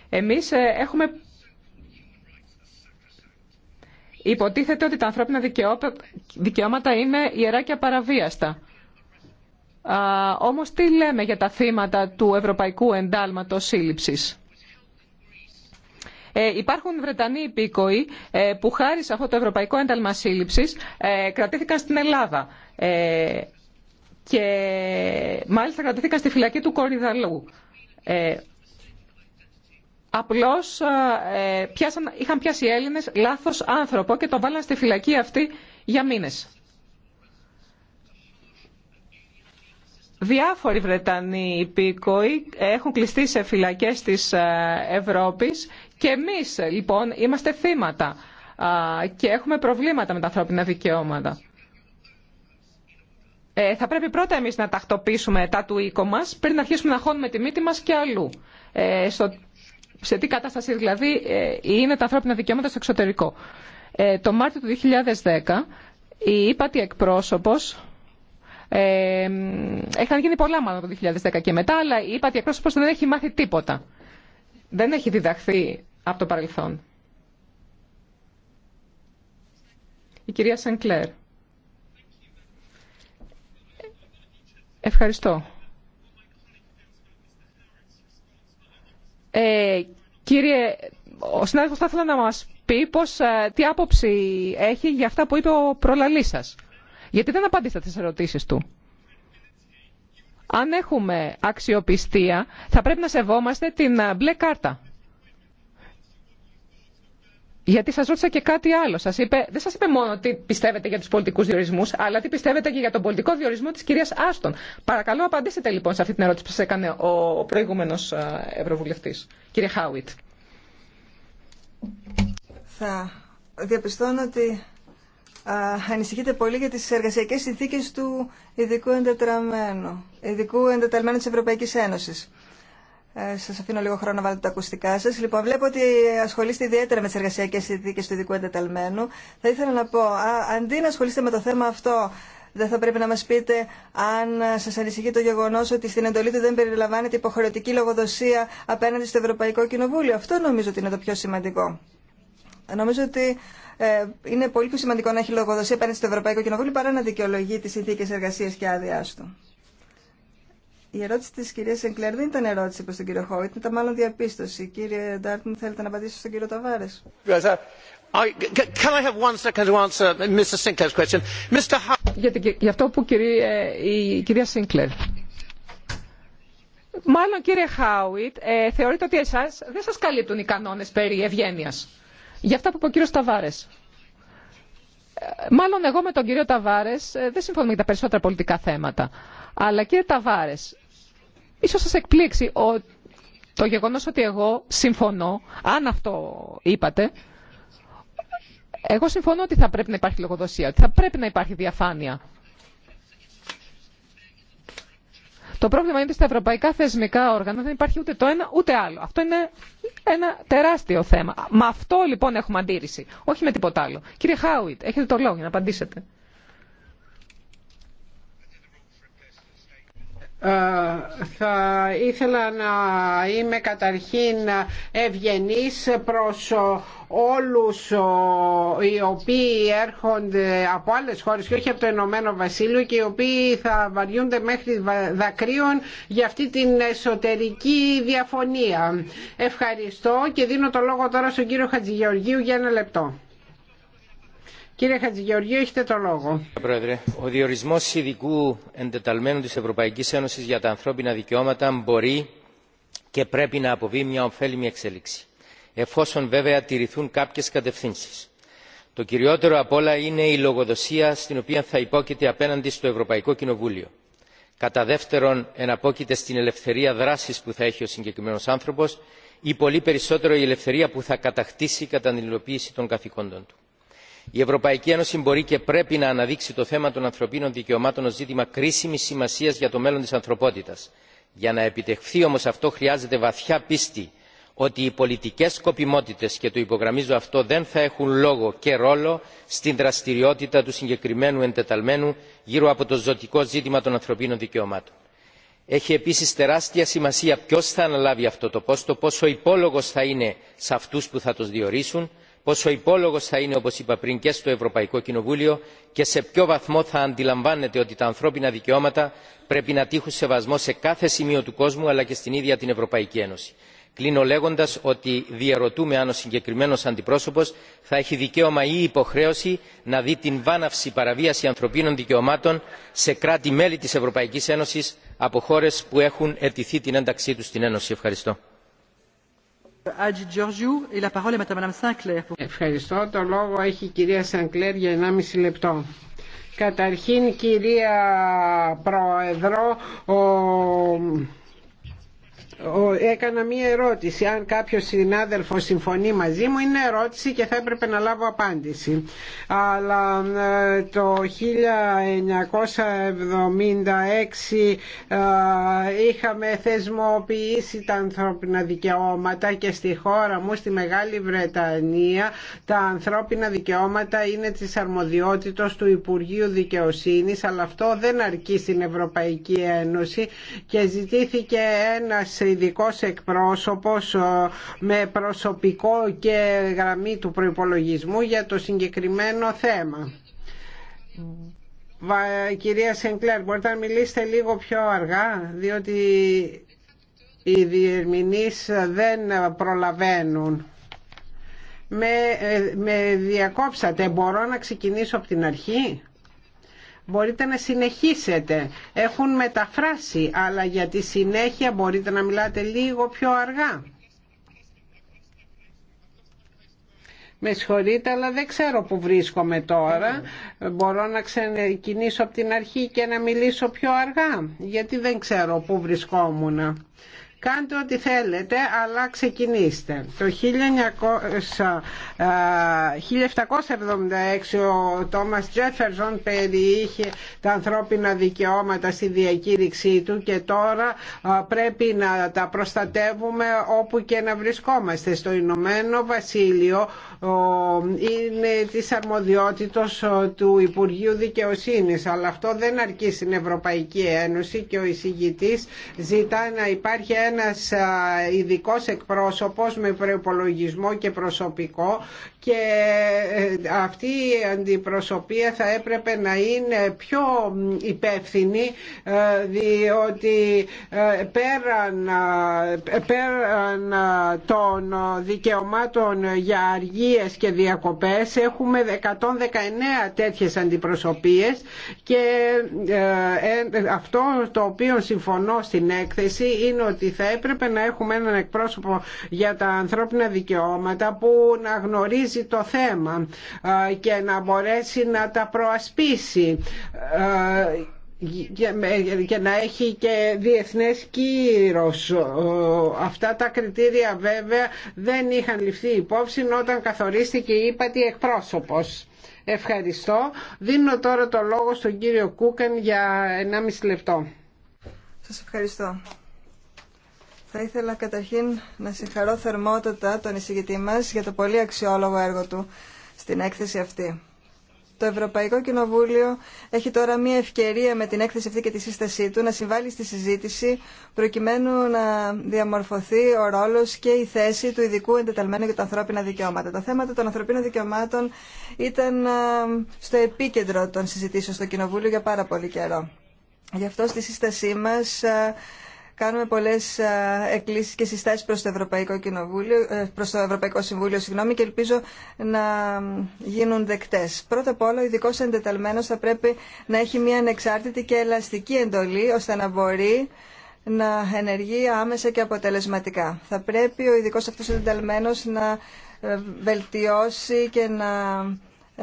εμείς ε, έχουμε υποτίθεται ότι τα ανθρώπινα δικαιώματα είναι ιερά και απαραβίαστα. Α, όμως τι λέμε για τα θύματα του Ευρωπαϊκού Εντάλματος Σύλληψης. Ε, υπάρχουν Βρετανοί υπήκοοι ε, που χάρη σε αυτό το ευρωπαϊκό ένταλμα σύλληψη ε, κρατήθηκαν στην Ελλάδα και μάλιστα κρατήθηκαν στη φυλακή του Κορυδαλού. Απλώς πιάσαν, είχαν πιάσει οι Έλληνες λάθος άνθρωπο και το βάλαν στη φυλακή αυτή για μήνες. Διάφοροι Βρετανοί υπήκοοι έχουν κλειστεί σε φυλακές της Ευρώπης και εμείς λοιπόν είμαστε θύματα και έχουμε προβλήματα με τα ανθρώπινα δικαιώματα. Ε, θα πρέπει πρώτα εμείς να τακτοποιήσουμε τα του οίκο μας πριν να αρχίσουμε να χώνουμε τη μύτη μας και αλλού. Ε, σε τι κατάσταση δηλαδή ε, είναι τα ανθρώπινα δικαιώματα στο εξωτερικό. Ε, το Μάρτιο του 2010 η ύπατη εκπρόσωπος ε, γίνει πολλά μάλλον το 2010 και μετά, αλλά η ύπατη εκπρόσωπος δεν έχει μάθει τίποτα. Δεν έχει διδαχθεί από το παρελθόν. Η κυρία Σανκλέρ. Ευχαριστώ. Ε, κύριε, ο συνάδελφος θα ήθελα να μας πει πώς, ε, τι άποψη έχει για αυτά που είπε ο προλαλής σας. Γιατί δεν απαντήσατε τις ερωτήσεις του. Αν έχουμε αξιοπιστία, θα πρέπει να σεβόμαστε την ε, μπλε κάρτα. Γιατί σας ρώτησα και κάτι άλλο. Σας είπε, δεν σας είπε μόνο τι πιστεύετε για τους πολιτικούς διορισμού, αλλά τι πιστεύετε και για τον πολιτικό διορισμό της κυρίας Άστον. Παρακαλώ απαντήστε λοιπόν σε αυτή την ερώτηση που σα έκανε ο προηγούμενος Ευρωβουλευτής, κύριε Χάουιτ. Θα διαπιστώνω ότι α, ανησυχείτε πολύ για τις εργασιακές συνθήκες του ειδικού εντεταλμένου, ειδικού εντεταλμένου της Ευρωπαϊκής Ένωσης. Ε, σας αφήνω λίγο χρόνο να βάλετε τα ακουστικά σας. Λοιπόν, βλέπω ότι ασχολείστε ιδιαίτερα με τις εργασιακές συνθήκες του ειδικού εντεταλμένου. Θα ήθελα να πω, α, αντί να ασχολείστε με το θέμα αυτό, δεν θα πρέπει να μας πείτε αν σας ανησυχεί το γεγονός ότι στην εντολή του δεν περιλαμβάνεται υποχρεωτική λογοδοσία απέναντι στο Ευρωπαϊκό Κοινοβούλιο. Αυτό νομίζω ότι είναι το πιο σημαντικό. Νομίζω ότι ε, είναι πολύ πιο σημαντικό να έχει λογοδοσία απέναντι στο Ευρωπαϊκό Κοινοβούλιο παρά να δικαιολογεί τι συνθήκε εργασία και άδειά του. Η ερώτηση τη κυρία Σενκλέρ δεν ήταν ερώτηση προς τον κύριο Χόιτ, ήταν μάλλον διαπίστωση. Κύριε Ντάρτιν, θέλετε να απαντήσετε στον κύριο Ταβάρε. Για αυτό που κυρία, ε, η κυρία Σίνκλερ. Μάλλον κύριε Χάουιτ, ε, θεωρείτε ότι εσάς δεν σας καλύπτουν οι κανόνες περί ευγένειας. Για αυτά που είπε ο κύριος Ταβάρες. Μάλλον εγώ με τον κύριο Ταβάρες ε, δεν συμφωνούμε για τα περισσότερα πολιτικά θέματα. Αλλά κύριε Ταβάρε, ίσως σας εκπλήξει το γεγονός ότι εγώ συμφωνώ, αν αυτό είπατε, εγώ συμφωνώ ότι θα πρέπει να υπάρχει λογοδοσία, ότι θα πρέπει να υπάρχει διαφάνεια. Το πρόβλημα είναι ότι στα ευρωπαϊκά θεσμικά όργανα δεν υπάρχει ούτε το ένα ούτε άλλο. Αυτό είναι ένα τεράστιο θέμα. Με αυτό λοιπόν έχουμε αντίρρηση. Όχι με τίποτα άλλο. Κύριε Χάουιτ, έχετε το λόγο για να απαντήσετε. Ε, θα ήθελα να είμαι καταρχήν ευγενής προς όλους οι οποίοι έρχονται από άλλες χώρες και όχι από το Ενωμένο Βασίλειο και οι οποίοι θα βαριούνται μέχρι δακρύων για αυτή την εσωτερική διαφωνία. Ευχαριστώ και δίνω το λόγο τώρα στον κύριο Χατζηγεωργίου για ένα λεπτό. Κύριε Χατζηγεωργίου, έχετε το λόγο. Πρόεδρε, ο διορισμό ειδικού εντεταλμένου τη Ευρωπαϊκή Ένωση για τα ανθρώπινα δικαιώματα μπορεί και πρέπει να αποβεί μια ωφέλιμη εξέλιξη, εφόσον βέβαια τηρηθούν κάποιε κατευθύνσει. Το κυριότερο απ' όλα είναι η λογοδοσία στην οποία θα υπόκειται απέναντι στο Ευρωπαϊκό Κοινοβούλιο. Κατά δεύτερον, εναπόκειται στην ελευθερία δράση που θα έχει ο συγκεκριμένο άνθρωπο ή πολύ περισσότερο η ελευθερία που θα κατακτήσει κατά την υλοποίηση των καθηκόντων του η ευρωπαϊκή ένωση μπορεί και πρέπει να αναδείξει το θέμα των ανθρωπίνων δικαιωμάτων ως ζήτημα κρίσιμης σημασίας για το μέλλον της ανθρωπότητας. για να επιτευχθεί όμως αυτό χρειάζεται βαθιά πίστη ότι οι πολιτικέ σκοπιμότητες, και το υπογραμμίζω αυτό δεν θα έχουν λόγο και ρόλο στην δραστηριότητα του συγκεκριμένου εντεταλμένου γύρω από το ζωτικό ζήτημα των ανθρωπίνων δικαιωμάτων. έχει επίση τεράστια σημασία ποιο θα αναλάβει αυτό το πόστο πόσο υπόλογο θα είναι σε αυτού που θα τον διορίσουν πόσο υπόλογο θα είναι όπω είπα πριν και στο ευρωπαϊκό κοινοβούλιο και σε ποιο βαθμό θα αντιλαμβάνεται ότι τα ανθρώπινα δικαιώματα πρέπει να τύχουν σεβασμό σε κάθε σημείο του κόσμου αλλά και στην ίδια την ευρωπαϊκή ένωση. κλείνω λέγοντα ότι διαρωτούμε αν ο συγκεκριμένο αντιπρόσωπο θα έχει δικαίωμα ή υποχρέωση να δει την βάναυση παραβίαση ανθρωπίνων δικαιωμάτων σε κράτη μέλη τη ευρωπαϊκή ένωση από χώρε που έχουν αιτηθεί την ένταξή του στην ένωση. ευχαριστώ. Ευχαριστώ. Το λόγο έχει η κυρία Σανκλέρ για 1,5 λεπτό. Καταρχήν κυρία Πρόεδρο, ο έκανα μία ερώτηση. Αν κάποιος συνάδελφο συμφωνεί μαζί μου είναι ερώτηση και θα έπρεπε να λάβω απάντηση. Αλλά ε, το 1976 ε, είχαμε θεσμοποιήσει τα ανθρώπινα δικαιώματα και στη χώρα μου, στη Μεγάλη Βρετανία, τα ανθρώπινα δικαιώματα είναι της αρμοδιότητος του Υπουργείου Δικαιοσύνης, αλλά αυτό δεν αρκεί στην Ευρωπαϊκή Ένωση και ζητήθηκε ένας ειδικό εκπρόσωπο ε, με προσωπικό και γραμμή του προπολογισμού για το συγκεκριμένο θέμα. Κυρία Σενκλέρ, μπορείτε να μιλήσετε λίγο πιο αργά, διότι οι διερμηνείς δεν προλαβαίνουν. Με, ε, με διακόψατε, μπορώ να ξεκινήσω από την αρχή μπορείτε να συνεχίσετε. Έχουν μεταφράσει, αλλά για τη συνέχεια μπορείτε να μιλάτε λίγο πιο αργά. Με συγχωρείτε, αλλά δεν ξέρω που βρίσκομαι τώρα. Μπορώ να ξεκινήσω από την αρχή και να μιλήσω πιο αργά, γιατί δεν ξέρω που βρισκόμουν. Κάντε ό,τι θέλετε, αλλά ξεκινήστε. Το 1776 ε, ο Τόμας Τζέφερζον περιείχε τα ανθρώπινα δικαιώματα στη διακήρυξή του και τώρα πρέπει να τα προστατεύουμε όπου και να βρισκόμαστε. Στο Ηνωμένο Βασίλειο είναι της αρμοδιότητος του Υπουργείου Δικαιοσύνης, αλλά αυτό δεν αρκεί στην Ευρωπαϊκή Ένωση και ο εισηγητής ζητά να υπάρχει ένας ειδικό εκπρόσωπος με προπολογισμό και προσωπικό και ε, αυτή η αντιπροσωπεία θα έπρεπε να είναι πιο υπεύθυνη ε, διότι ε, πέραν, των δικαιωμάτων για αργίες και διακοπές έχουμε 119 τέτοιες αντιπροσωπείες και αυτό το οποίο συμφωνώ στην έκθεση είναι ότι θα έπρεπε να έχουμε έναν εκπρόσωπο για τα ανθρώπινα δικαιώματα που να γνωρίζει το θέμα και να μπορέσει να τα προασπίσει και να έχει και διεθνές κύρος. Αυτά τα κριτήρια βέβαια δεν είχαν ληφθεί υπόψη όταν καθορίστηκε η ύπατη εκπρόσωπος. Ευχαριστώ. Δίνω τώρα το λόγο στον κύριο Κούκαν για 1,5 λεπτό. Σας ευχαριστώ. Θα ήθελα καταρχήν να συγχαρώ θερμότατα τον εισηγητή μας για το πολύ αξιόλογο έργο του στην έκθεση αυτή. Το Ευρωπαϊκό Κοινοβούλιο έχει τώρα μία ευκαιρία με την έκθεση αυτή και τη σύστασή του να συμβάλλει στη συζήτηση προκειμένου να διαμορφωθεί ο ρόλος και η θέση του ειδικού εντεταλμένου για τα ανθρώπινα δικαιώματα. Τα θέματα των ανθρωπίνων δικαιωμάτων ήταν στο επίκεντρο των συζητήσεων στο Κοινοβούλιο για πάρα πολύ καιρό. Γι' αυτό στη σύστασή μας κάνουμε πολλές εκκλήσει και συστάσεις προς το Ευρωπαϊκό, ε, το Ευρωπαϊκό Συμβούλιο συγγνώμη, και ελπίζω να γίνουν δεκτές. Πρώτα απ' όλα, ο ειδικό εντεταλμένο θα πρέπει να έχει μια ανεξάρτητη και ελαστική εντολή, ώστε να μπορεί να ενεργεί άμεσα και αποτελεσματικά. Θα πρέπει ο ειδικό αυτό εντεταλμένο να ε, βελτιώσει και να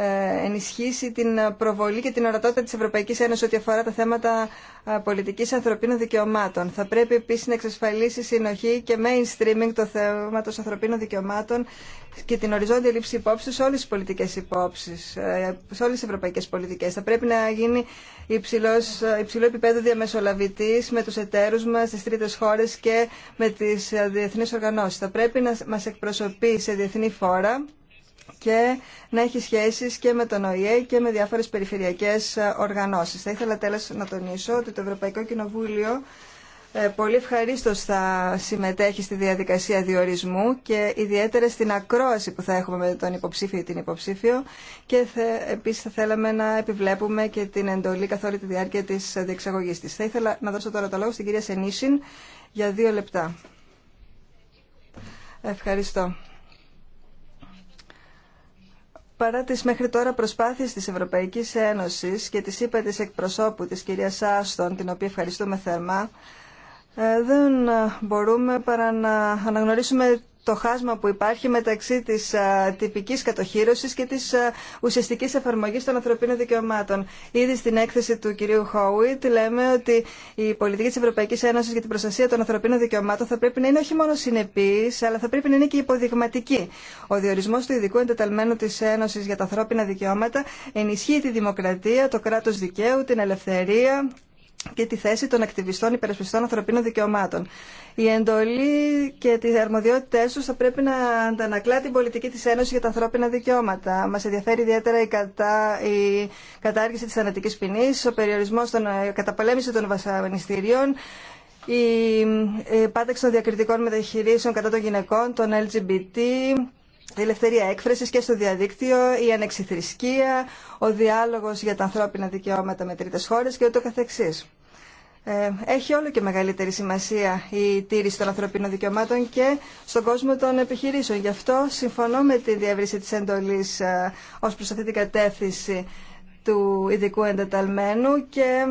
ε, ενισχύσει την προβολή και την ορατότητα της Ευρωπαϊκής Ένωσης ό,τι αφορά τα θέματα ε, πολιτικής ανθρωπίνων δικαιωμάτων. Θα πρέπει επίσης να εξασφαλίσει συνοχή και mainstreaming το θέμα των ανθρωπίνων δικαιωμάτων και την οριζόντια λήψη υπόψη σε όλες τις πολιτικές υπόψεις, ε, σε όλες τις ευρωπαϊκές πολιτικές. Θα πρέπει να γίνει υψηλός, υψηλό επίπεδο διαμεσολαβητής με τους εταίρους μας, στις τρίτες χώρες και με τις διεθνείς οργανώσεις. Θα πρέπει να μας εκπροσωπεί σε διεθνή φόρα και να έχει σχέσεις και με τον ΟΗΕ και με διάφορες περιφερειακές ε, οργανώσεις. Θα ήθελα τέλος να τονίσω ότι το Ευρωπαϊκό Κοινοβούλιο ε, πολύ ευχαρίστω θα συμμετέχει στη διαδικασία διορισμού και ιδιαίτερα στην ακρόαση που θα έχουμε με τον υποψήφιο ή την υποψήφιο και επίσης θα θέλαμε να επιβλέπουμε και την εντολή καθ' όλη τη διάρκεια της διεξαγωγής της. Θα ήθελα να δώσω τώρα το λόγο στην κυρία Σενίσιν για δύο λεπτά. Ευχαριστώ παρά τις μέχρι τώρα προσπάθειες της Ευρωπαϊκής Ένωσης και της είπε της εκπροσώπου της κυρίας Άστον, την οποία ευχαριστούμε θερμά, ε, δεν μπορούμε παρά να αναγνωρίσουμε το χάσμα που υπάρχει μεταξύ της τυπικής κατοχήρωσης και της ουσιαστικής εφαρμογής των ανθρωπίνων δικαιωμάτων. Ήδη στην έκθεση του κυρίου Χόουιτ λέμε ότι η πολιτική της Ευρωπαϊκής Ένωσης για την προστασία των ανθρωπίνων δικαιωμάτων θα πρέπει να είναι όχι μόνο συνεπής, αλλά θα πρέπει να είναι και υποδειγματική. Ο διορισμός του ειδικού εντεταλμένου της Ένωσης για τα ανθρώπινα δικαιώματα ενισχύει τη δημοκρατία, το κράτος δικαίου, την ελευθερία, και τη θέση των ακτιβιστών υπερασπιστών ανθρωπίνων δικαιωμάτων. Η εντολή και τι αρμοδιότητέ του θα πρέπει να αντανακλά την πολιτική τη Ένωση για τα ανθρώπινα δικαιώματα. Μα ενδιαφέρει ιδιαίτερα η, κατά, η κατάργηση τη θανατική ποινή, ο περιορισμό των καταπολέμηση των βασανιστήριων, η, η πάταξη των διακριτικών μεταχειρήσεων κατά των γυναικών, των LGBT, η ελευθερία έκφρασης και στο διαδίκτυο, η ανεξιθρησκεία, ο διάλογος για τα ανθρώπινα δικαιώματα με τρίτες χώρες και ούτω καθεξής. Ε, έχει όλο και μεγαλύτερη σημασία η τήρηση των ανθρωπίνων δικαιωμάτων και στον κόσμο των επιχειρήσεων. Γι' αυτό συμφωνώ με τη διεύρυνση της εντολής ε, ως προς αυτή την κατεύθυνση του ειδικού εντεταλμένου και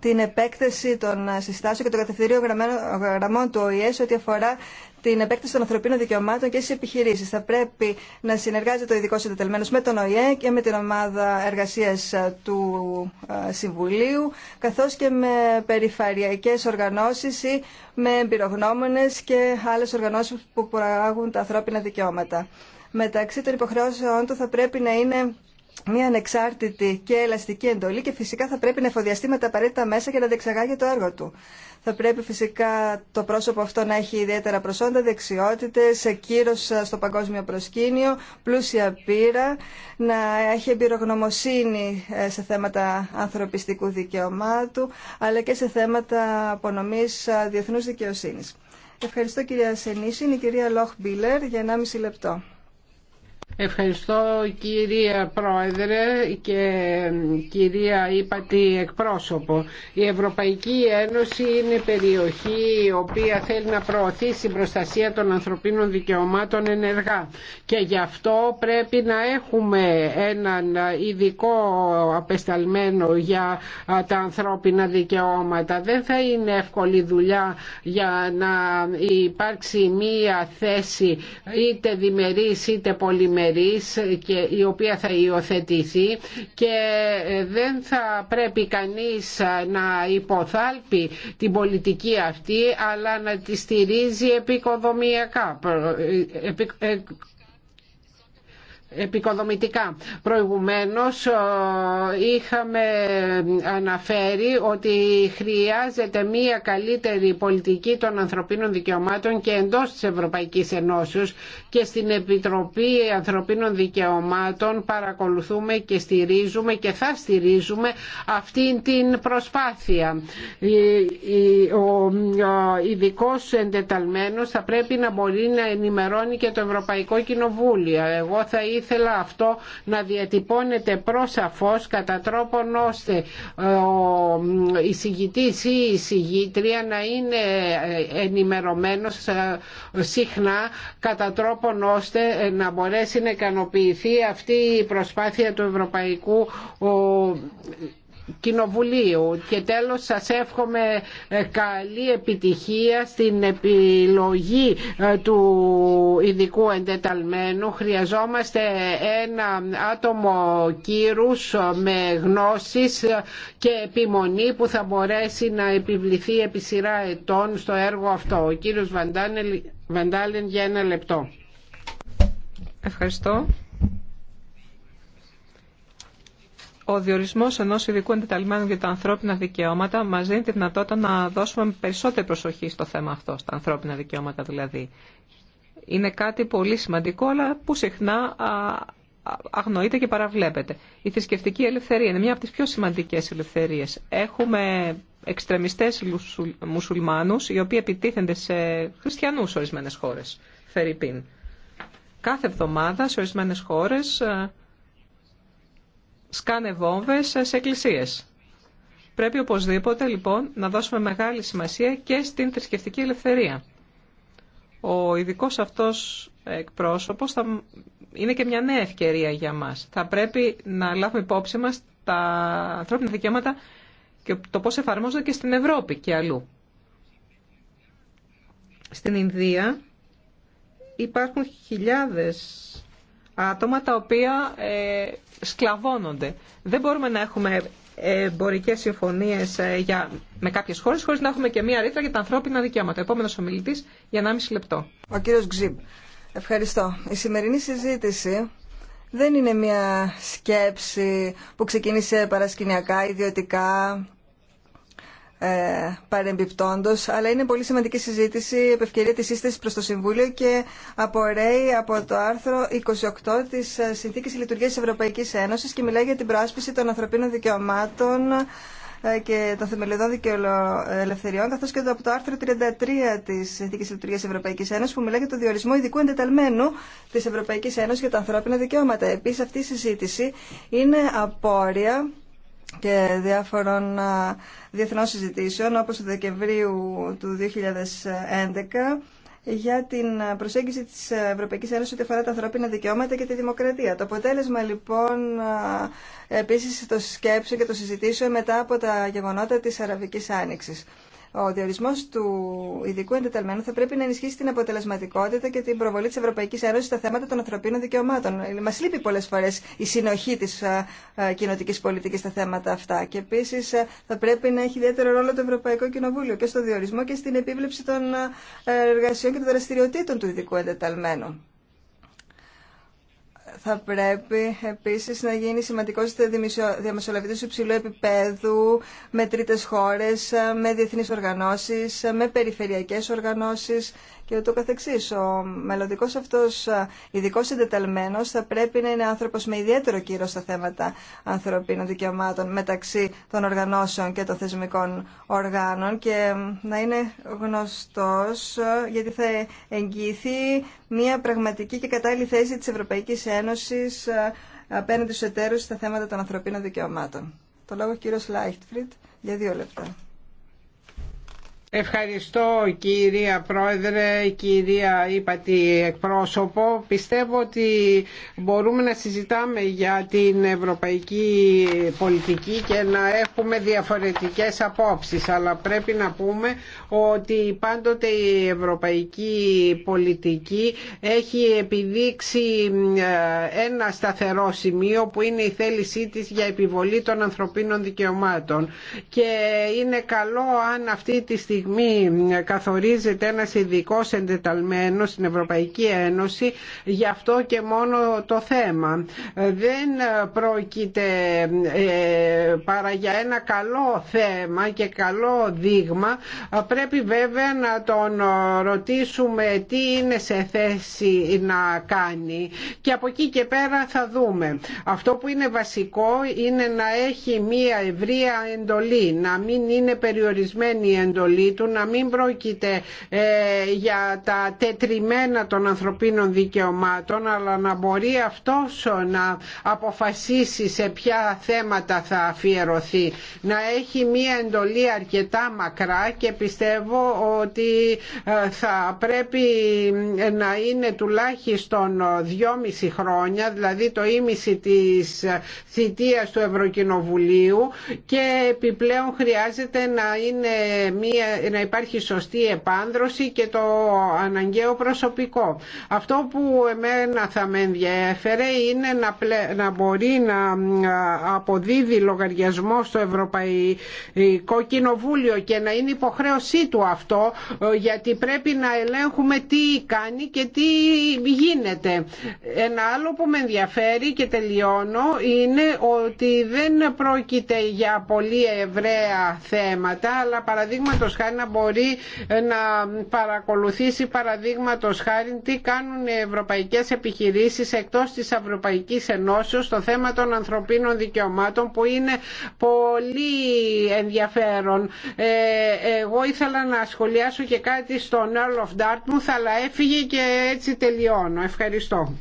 την επέκταση των συστάσεων και των κατευθυντήριων γραμμών του ΟΗΕ ό,τι αφορά την επέκταση των ανθρωπίνων δικαιωμάτων και στι επιχειρήσει. Θα πρέπει να συνεργάζεται ο ειδικό εντετελμένο με τον ΟΗΕ και με την ομάδα εργασία του ε, Συμβουλίου, καθώ και με περιφερειακέ οργανώσει ή με εμπειρογνώμονε και άλλε οργανώσει που προάγουν τα ανθρώπινα δικαιώματα. Μεταξύ των υποχρεώσεών του θα πρέπει να είναι μια ανεξάρτητη και ελαστική εντολή και φυσικά θα πρέπει να εφοδιαστεί με τα απαραίτητα μέσα για να διεξαγάγει το έργο του. Θα πρέπει φυσικά το πρόσωπο αυτό να έχει ιδιαίτερα προσόντα, δεξιότητες, κύρος στο παγκόσμιο προσκήνιο, πλούσια πείρα, να έχει εμπειρογνωμοσύνη ε, σε θέματα ανθρωπιστικού δικαιωμάτου, αλλά και σε θέματα απονομής ε, διεθνούς δικαιοσύνης. Ευχαριστώ κυρία Σενίση, η κυρία Λόχ Μπίλερ για 1,5 λεπτό. Ευχαριστώ κυρία Πρόεδρε και κυρία Ήπατη εκπρόσωπο. Η Ευρωπαϊκή Ένωση είναι περιοχή η οποία θέλει να προωθήσει την προστασία των ανθρωπίνων δικαιωμάτων ενεργά και γι' αυτό πρέπει να έχουμε έναν ειδικό απεσταλμένο για τα ανθρώπινα δικαιώματα. Δεν θα είναι εύκολη δουλειά για να υπάρξει μία θέση είτε διμερής είτε πολυμερής και η οποία θα υιοθετηθεί και δεν θα πρέπει κανείς να υποθάλπει την πολιτική αυτή αλλά να τη στηρίζει επικοδομιακά ε, ε, επικοδομητικά. Προηγουμένως ε, είχαμε αναφέρει ότι χρειάζεται μία καλύτερη πολιτική των ανθρωπίνων δικαιωμάτων και εντός της Ευρωπαϊκής Ενώσεως και στην Επιτροπή Ανθρωπίνων Δικαιωμάτων παρακολουθούμε και στηρίζουμε και θα στηρίζουμε αυτή την προσπάθεια. Ο ειδικό εντεταλμένος θα πρέπει να μπορεί να ενημερώνει και το Ευρωπαϊκό Κοινοβούλιο. Εγώ θα ήθελα αυτό να διατυπώνεται πρόσαφώς κατά τρόπον ώστε η εισηγητής ή η εισηγήτρια να είναι ενημερωμένος ε, συχνά κατά τρόπον ώστε να μπορέσει να ικανοποιηθεί αυτή η προσπάθεια του Ευρωπαϊκού Κοινοβουλίου και τέλος σας εύχομαι ε, καλή επιτυχία στην επιλογή ε, του ειδικού εντεταλμένου. Χρειαζόμαστε ε, ένα άτομο κύρους με γνώσεις και επιμονή που θα μπορέσει να επιβληθεί επί σειρά ετών στο έργο αυτό. Ο κύριος Βαντάλεν για ένα λεπτό. Ευχαριστώ. ο διορισμό ενό ειδικού εντεταλμένου για τα ανθρώπινα δικαιώματα μα δίνει τη δυνατότητα να δώσουμε περισσότερη προσοχή στο θέμα αυτό, στα ανθρώπινα δικαιώματα δηλαδή. Είναι κάτι πολύ σημαντικό, αλλά που συχνά αγνοείται και παραβλέπεται. Η θρησκευτική ελευθερία είναι μια από τι πιο σημαντικέ ελευθερίε. Έχουμε εξτρεμιστέ μουσουλμάνου, οι οποίοι επιτίθενται σε χριστιανού ορισμένε χώρε. Φερρυπίν. Κάθε εβδομάδα σε ορισμένε χώρε σκάνε βόμβες σε εκκλησίες. Πρέπει οπωσδήποτε λοιπόν να δώσουμε μεγάλη σημασία και στην θρησκευτική ελευθερία. Ο ειδικό αυτός εκπρόσωπος είναι και μια νέα ευκαιρία για μας. Θα πρέπει να λάβουμε υπόψη μας τα ανθρώπινα δικαιώματα και το πώς εφαρμόζονται και στην Ευρώπη και αλλού. Στην Ινδία υπάρχουν χιλιάδες άτομα τα οποία ε, σκλαβώνονται. Δεν μπορούμε να έχουμε εμπορικέ συμφωνίε ε, με κάποιε χώρε χωρί να έχουμε και μία ρήτρα για τα ανθρώπινα δικαιώματα. Επόμενο ομιλητή για 1,5 λεπτό. Ο κύριο Γκζιμπ. Ευχαριστώ. Η σημερινή συζήτηση δεν είναι μία σκέψη που ξεκίνησε παρασκηνιακά, ιδιωτικά ε, αλλά είναι πολύ σημαντική συζήτηση επευκαιρία ευκαιρία της σύστασης προς το Συμβούλιο και απορρέει από το άρθρο 28 τη ε, Συνθήκη Λειτουργία τη Ευρωπαϊκή Ένωση και μιλάει για την προάσπιση των ανθρωπίνων δικαιωμάτων ε, και των θεμελιωδών δικαιολευθεριών, καθώ και από το άρθρο 33 της Συνθήκης Λειτουργίας Ευρωπαϊκή Ένωση που μιλάει για το διορισμό ειδικού εντεταλμένου τη Ευρωπαϊκή Ένωση για τα ανθρώπινα δικαιώματα. Επίση αυτή η συζήτηση είναι απόρρια και διάφορων διεθνών συζητήσεων όπως το Δεκεμβρίου του 2011 για την προσέγγιση της Ευρωπαϊκής Ένωσης ότι αφορά τα ανθρώπινα δικαιώματα και τη δημοκρατία. Το αποτέλεσμα λοιπόν επίσης το σκέψεων και το συζητήσω μετά από τα γεγονότα της Αραβικής Άνοιξης. Ο διορισμό του ειδικού εντεταλμένου θα πρέπει να ενισχύσει την αποτελεσματικότητα και την προβολή τη Ευρωπαϊκή Ένωση στα θέματα των ανθρωπίνων δικαιωμάτων. Μα λείπει πολλέ φορέ η συνοχή τη κοινοτική πολιτική στα θέματα αυτά. Και επίση θα πρέπει να έχει ιδιαίτερο ρόλο το Ευρωπαϊκό Κοινοβούλιο και στο διορισμό και στην επίβλεψη των εργασιών και των δραστηριοτήτων του ειδικού εντεταλμένου θα πρέπει επίσης να γίνει σημαντικός διαμεσολαβητής υψηλού επίπεδου με τρίτες χώρες, με διεθνείς οργανώσεις, με περιφερειακές οργανώσεις και ούτω καθεξής. Ο μελλοντικό αυτός ειδικό συντεταλμένο, θα πρέπει να είναι άνθρωπος με ιδιαίτερο κύρο στα θέματα ανθρωπίνων δικαιωμάτων μεταξύ των οργανώσεων και των θεσμικών οργάνων και να είναι γνωστός γιατί θα εγγυηθεί μια πραγματική και κατάλληλη θέση της Ευρωπαϊκής Ένωσης απέναντι στους εταίρους στα θέματα των ανθρωπίνων δικαιωμάτων. Το λόγο κύριο Λάιχτφριντ για δύο λεπτά. Ευχαριστώ κυρία Πρόεδρε, κυρία Ήπατη εκπρόσωπο. Πιστεύω ότι μπορούμε να συζητάμε για την ευρωπαϊκή πολιτική και να έχουμε διαφορετικές απόψεις, αλλά πρέπει να πούμε ότι πάντοτε η ευρωπαϊκή πολιτική έχει επιδείξει ε, ένα σταθερό σημείο που είναι η θέλησή της για επιβολή των ανθρωπίνων δικαιωμάτων και είναι καλό αν αυτή τη στιγμή στιγμή καθορίζεται ένας ειδικό εντεταλμένος στην Ευρωπαϊκή Ένωση για αυτό και μόνο το θέμα. Δεν πρόκειται ε, παρά για ένα καλό θέμα και καλό δείγμα. Πρέπει βέβαια να τον ρωτήσουμε τι είναι σε θέση να κάνει και από εκεί και πέρα θα δούμε. Αυτό που είναι βασικό είναι να έχει μία ευρεία εντολή, να μην είναι περιορισμένη η εντολή του να μην πρόκειται ε, για τα τετριμένα των ανθρωπίνων δικαιωμάτων αλλά να μπορεί αυτός να αποφασίσει σε ποια θέματα θα αφιερωθεί να έχει μία εντολή αρκετά μακρά και πιστεύω ότι ε, θα πρέπει ε, να είναι τουλάχιστον δυόμιση χρόνια δηλαδή το ίμιση της θητείας του Ευρωκοινοβουλίου και επιπλέον χρειάζεται να είναι μία να υπάρχει σωστή επάνδρωση και το αναγκαίο προσωπικό. Αυτό που εμένα θα με ενδιαφέρε είναι να, μπορεί να αποδίδει λογαριασμό στο Ευρωπαϊκό Κοινοβούλιο και να είναι υποχρέωσή του αυτό ε, γιατί πρέπει να ελέγχουμε τι κάνει και τι γίνεται. Ένα άλλο που με ενδιαφέρει και τελειώνω είναι ότι δεν πρόκειται για πολύ ευραία θέματα αλλά παραδείγματος να μπορεί ε, να παρακολουθήσει παραδείγματο χάρη τι κάνουν οι ευρωπαϊκές επιχειρήσεις εκτός της Ευρωπαϊκής Ενώσεω στο θέμα των ανθρωπίνων δικαιωμάτων που είναι πολύ ενδιαφέρον. Ε, εγώ ήθελα να σχολιάσω και κάτι στον Earl of Dartmouth αλλά έφυγε και έτσι τελειώνω. Ευχαριστώ.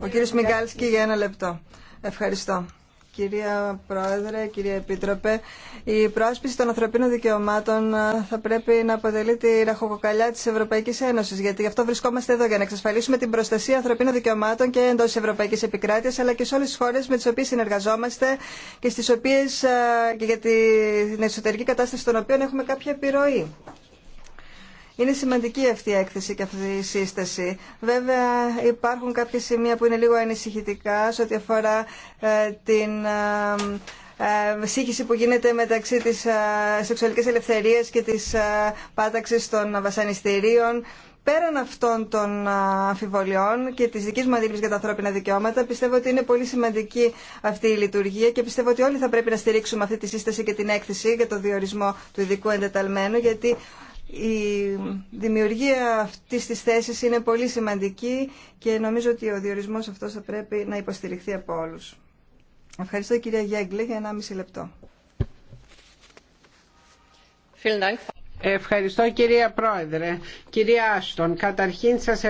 Ο κύριος Μιγκάλσκι για ένα λεπτό. Ευχαριστώ. Κυρία Πρόεδρε, κυρία Επίτροπε, η πρόσπιση των ανθρωπίνων δικαιωμάτων ε, θα πρέπει να αποτελεί τη ραχοκοκαλιά τη Ευρωπαϊκή Ένωση. Γιατί γι' αυτό βρισκόμαστε εδώ, για να εξασφαλίσουμε την προστασία ανθρωπίνων δικαιωμάτων και εντό Ευρωπαϊκή Επικράτεια, αλλά και σε όλε τι χώρε με τι οποίε συνεργαζόμαστε και, στις οποίες, ε, και για την εσωτερική κατάσταση των οποίων έχουμε κάποια επιρροή. Είναι σημαντική αυτή η έκθεση και αυτή η σύσταση. Βέβαια υπάρχουν κάποια σημεία που είναι λίγο ανησυχητικά σε ό,τι αφορά ε, την ε, ε, σύγχυση που γίνεται μεταξύ της σεξουαλικής ελευθερίας και της πάταξης των βασανιστήριων. Πέραν αυτών των αμφιβολιών και τη δική μου αντίληψη για τα ανθρώπινα δικαιώματα, πιστεύω ότι είναι πολύ σημαντική αυτή η λειτουργία και πιστεύω ότι όλοι θα πρέπει να στηρίξουμε αυτή τη σύσταση και την έκθεση για το διορισμό του ειδικού εντεταλμένου, γιατί η δημιουργία αυτής της θέσης είναι πολύ σημαντική και νομίζω ότι ο διορισμός αυτός θα πρέπει να υποστηριχθεί από όλους. Ευχαριστώ κυρία Γέγκλε για 1,5 λεπτό. Ευχαριστώ κυρία Πρόεδρε. Κυρία Άστον, καταρχήν σας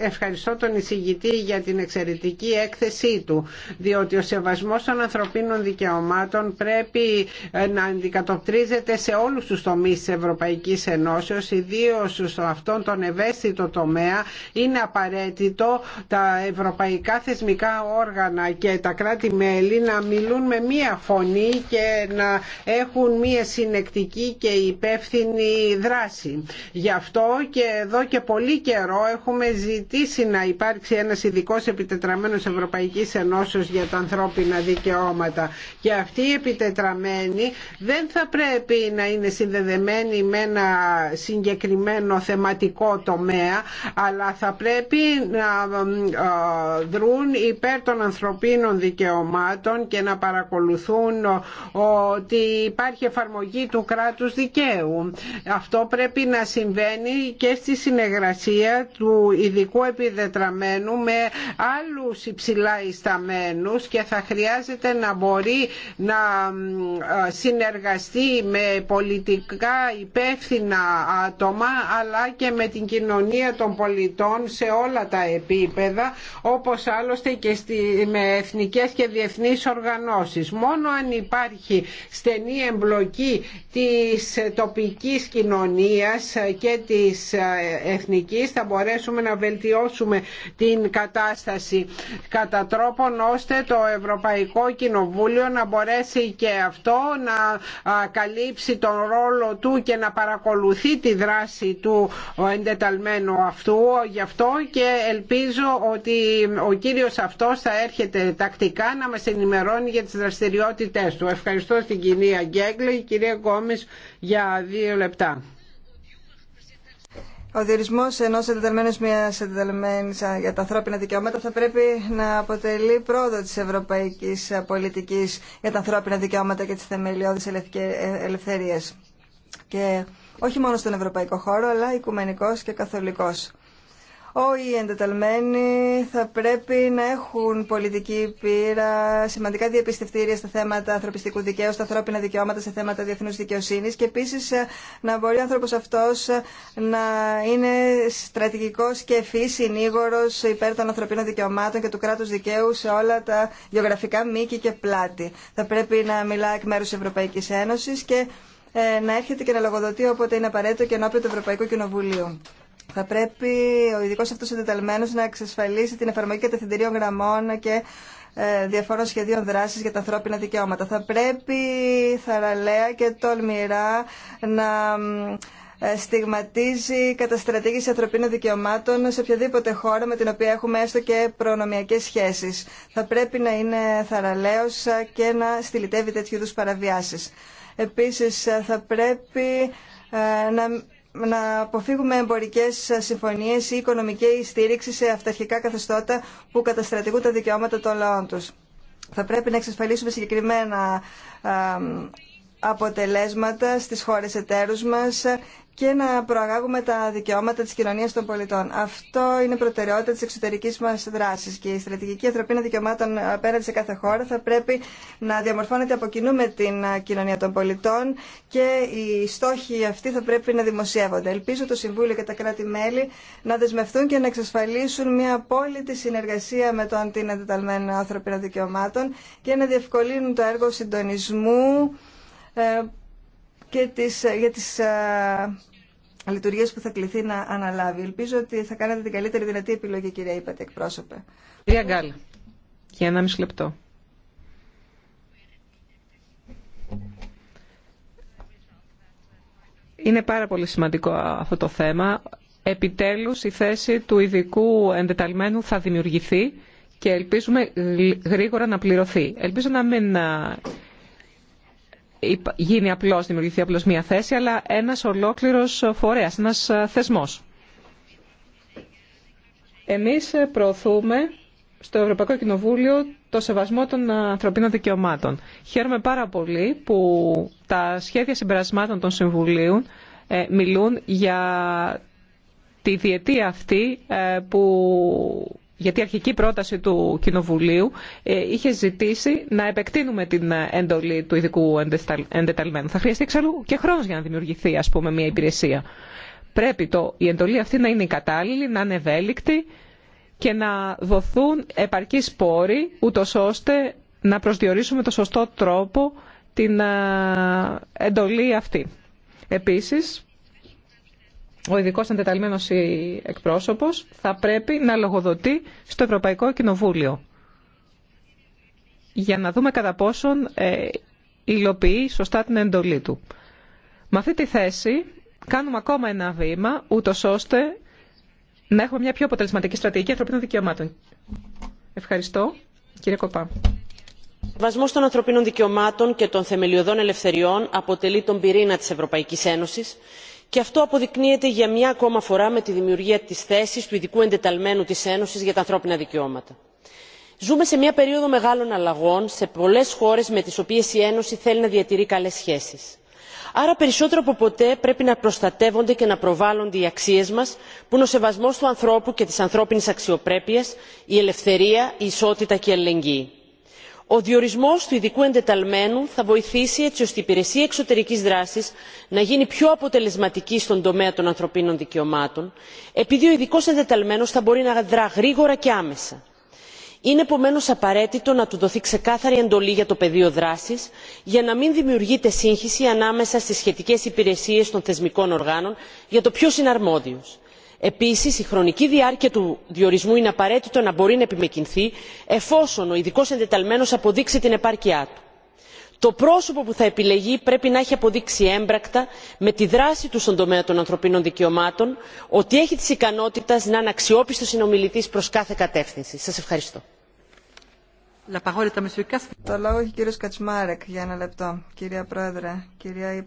ευχαριστώ τον εισηγητή για την εξαιρετική έκθεσή του, διότι ο σεβασμός των ανθρωπίνων δικαιωμάτων πρέπει ε, να αντικατοπτρίζεται σε όλους τους τομείς της Ευρωπαϊκής Ενώσεως, ιδίως στο αυτόν τον ευαίσθητο τομέα είναι απαραίτητο τα ευρωπαϊκά θεσμικά όργανα και τα κράτη-μέλη να μιλούν με μία φωνή και να έχουν μία συνεκτική και υπεύθυνη δράση. Γι' αυτό και εδώ και πολύ καιρό έχουμε ζητήσει να υπάρξει ένας ειδικό επιτετραμένος Ευρωπαϊκής Ενώσεως για τα ανθρώπινα δικαιώματα. Και αυτή η επιτετραμένη δεν θα πρέπει να είναι συνδεδεμένη με ένα συγκεκριμένο θεματικό τομέα, αλλά θα πρέπει να δρούν υπέρ των ανθρωπίνων δικαιωμάτων και να παρακολουθούν ότι υπάρχει εφαρμογή του κράτους δικαίου. Αυτό πρέπει να συμβαίνει και στη συνεργασία του ειδικού επιδετραμένου με άλλους υψηλά ισταμένους και θα χρειάζεται να μπορεί να συνεργαστεί με πολιτικά υπεύθυνα άτομα αλλά και με την κοινωνία των πολιτών σε όλα τα επίπεδα όπως άλλωστε και στη, με εθνικές και διεθνείς οργανώσεις. Μόνο αν υπάρχει στενή εμπλοκή της τοπικής της κοινωνίας και της ε, εθνικής θα μπορέσουμε να βελτιώσουμε την κατάσταση κατά τρόπον ώστε το Ευρωπαϊκό Κοινοβούλιο να μπορέσει και αυτό να καλύψει τον ρόλο του και να παρακολουθεί τη δράση του εντεταλμένου αυτού γι' αυτό και ελπίζω ότι ο κύριος αυτός θα έρχεται τακτικά να μας ενημερώνει για τις δραστηριότητες του. Ευχαριστώ στην κυρία Γκέγκλη, κυρία Γκόμης για δύο λεπτά. Ο διορισμό ενό εντεταλμένου μια εντεταλμένη για τα ανθρώπινα δικαιώματα θα πρέπει να αποτελεί πρόοδο τη ευρωπαϊκή πολιτική για τα ανθρώπινα δικαιώματα και τι θεμελιώδει ε, ελευθερίε. Και όχι μόνο στον ευρωπαϊκό χώρο, αλλά οικουμενικό και καθολικό όλοι οι εντεταλμένοι θα πρέπει να έχουν πολιτική πείρα, σημαντικά διαπιστευτήρια στα θέματα ανθρωπιστικού δικαίου, στα ανθρώπινα δικαιώματα, σε θέματα διεθνού δικαιοσύνη και επίση ε, να μπορεί ο άνθρωπο αυτό ε, να είναι στρατηγικό και ευφύ συνήγορο υπέρ των ανθρωπίνων δικαιωμάτων και του κράτου δικαίου σε όλα τα γεωγραφικά μήκη και πλάτη. Θα πρέπει να μιλά εκ μέρου Ευρωπαϊκή Ένωση και ε, να έρχεται και να λογοδοτεί όποτε είναι απαραίτητο και ενώπιον του Ευρωπαϊκού Κοινοβουλίου. Θα πρέπει ο ειδικό αυτό εντεταλμένο να εξασφαλίσει την εφαρμογή κατευθυντηρίων γραμμών και ε, διαφόρων σχεδίων δράση για τα ανθρώπινα δικαιώματα. Θα πρέπει θαραλέα και τολμηρά να ε, στιγματίζει καταστρατήγηση ανθρωπίνων δικαιωμάτων σε οποιαδήποτε χώρα με την οποία έχουμε έστω και προνομιακές σχέσεις. Θα πρέπει να είναι θαραλέος και να στυλιτεύει τέτοιου είδους παραβιάσεις. Επίσης θα πρέπει ε, να να αποφύγουμε εμπορικές συμφωνίε ή οικονομική στήριξη σε αυταρχικά καθεστώτα που καταστρατηγούν τα δικαιώματα των λαών τους. Θα πρέπει να εξασφαλίσουμε συγκεκριμένα αποτελέσματα στις χώρες εταίρους μας και να προαγάγουμε τα δικαιώματα τη κοινωνία των πολιτών. Αυτό είναι προτεραιότητα τη εξωτερική μα δράση. και η στρατηγική ανθρωπίνων δικαιωμάτων απέναντι σε κάθε χώρα θα πρέπει να διαμορφώνεται από κοινού με την κοινωνία των πολιτών και οι στόχοι αυτοί θα πρέπει να δημοσιεύονται. Ελπίζω το Συμβούλιο και τα κράτη-μέλη να δεσμευτούν και να εξασφαλίσουν μια απόλυτη συνεργασία με το αντίνατεταλμένο ανθρωπίνων δικαιωμάτων και να διευκολύνουν το έργο συντονισμού ε, και ε, για τις ε, λειτουργίες που θα κληθεί να αναλάβει. Ελπίζω ότι θα κάνετε την καλύτερη δυνατή επιλογή, κυρία ήπατε εκπρόσωπε. Κυρία Γκάλ, για ένα μισή λεπτό. Είναι πάρα πολύ σημαντικό αυτό το θέμα. Επιτέλους η θέση του ειδικού εντεταλμένου θα δημιουργηθεί και ελπίζουμε γρήγορα να πληρωθεί. Ελπίζω να μην ε, γίνει απλώς, δημιουργηθεί απλώς μία θέση, αλλά ένας ολόκληρος φορέας, ένας ε, θεσμός. Εμείς ε, προωθούμε στο Ευρωπαϊκό Κοινοβούλιο το σεβασμό των ε, ανθρωπίνων δικαιωμάτων. Χαίρομαι πάρα πολύ που τα σχέδια συμπερασμάτων των Συμβουλίων μιλούν για τη διετία αυτή που γιατί η αρχική πρόταση του Κοινοβουλίου ε, είχε ζητήσει να επεκτείνουμε την ε, εντολή του ειδικού εντεταλμένου. Θα χρειαστεί εξάλλου και χρόνος για να δημιουργηθεί ας πούμε, μια υπηρεσία. Πρέπει το, η εντολή αυτή να είναι κατάλληλη, να είναι ευέλικτη και να δοθούν επαρκείς πόροι, ούτω ώστε να προσδιορίσουμε το σωστό τρόπο την ε, εντολή αυτή. Επίσης, ο ειδικό αντεταλμένο εκπρόσωπο θα πρέπει να λογοδοτεί στο Ευρωπαϊκό Κοινοβούλιο. Για να δούμε κατά πόσον ε, υλοποιεί σωστά την εντολή του. Με αυτή τη θέση κάνουμε ακόμα ένα βήμα, ούτω ώστε να έχουμε μια πιο αποτελεσματική στρατηγική ανθρωπίνων δικαιωμάτων. Ευχαριστώ. Κύριε Κοπά. Ο βασμό των ανθρωπίνων δικαιωμάτων και των θεμελιωδών ελευθεριών αποτελεί τον πυρήνα τη Ευρωπαϊκή Ένωση και αυτό αποδεικνύεται για μια ακόμα φορά με τη δημιουργία της θέσης του ειδικού εντεταλμένου της ένωσης για τα ανθρώπινα δικαιώματα. ζούμε σε μια περίοδο μεγάλων αλλαγών σε πολλές χώρες με τις οποίες η ένωση θέλει να διατηρεί καλές σχέσεις. άρα περισσότερο από ποτέ πρέπει να προστατεύονται και να προβάλλονται οι αξίες μας που είναι ο σεβασμός του ανθρώπου και της ανθρώπινης αξιοπρέπειας η ελευθερία η ισότητα και η αλληλεγγύη ο διορισμός του ειδικού εντεταλμένου θα βοηθήσει έτσι ώστε η υπηρεσία εξωτερικής δράσης να γίνει πιο αποτελεσματική στον τομέα των ανθρωπίνων δικαιωμάτων επειδή ο ειδικός εντεταλμένος θα μπορεί να δρά γρήγορα και άμεσα. είναι επομένως απαραίτητο να του δοθεί ξεκάθαρη εντολή για το πεδίο δράσης για να μην δημιουργείται σύγχυση ανάμεσα στις σχετικές υπηρεσίες των θεσμικών οργάνων για το ποιος είναι αρμόδιος επίση η χρονική διάρκεια του διορισμού είναι απαραίτητο να μπορεί να επιμεκυνθεί εφόσον ο ειδικό εντεταλμένο αποδείξει την επάρκειά του. το πρόσωπο που θα επιλεγεί πρέπει να έχει αποδείξει έμπρακτα με τη δράση του στον τομέα των ανθρωπίνων δικαιωμάτων ότι έχει τι ικανότητες να είναι αξιόπιστο συνομιλητή προ κάθε κατεύθυνση. σα ευχαριστώ. Το λόγο Κυρία Πρόεδρε, κυρία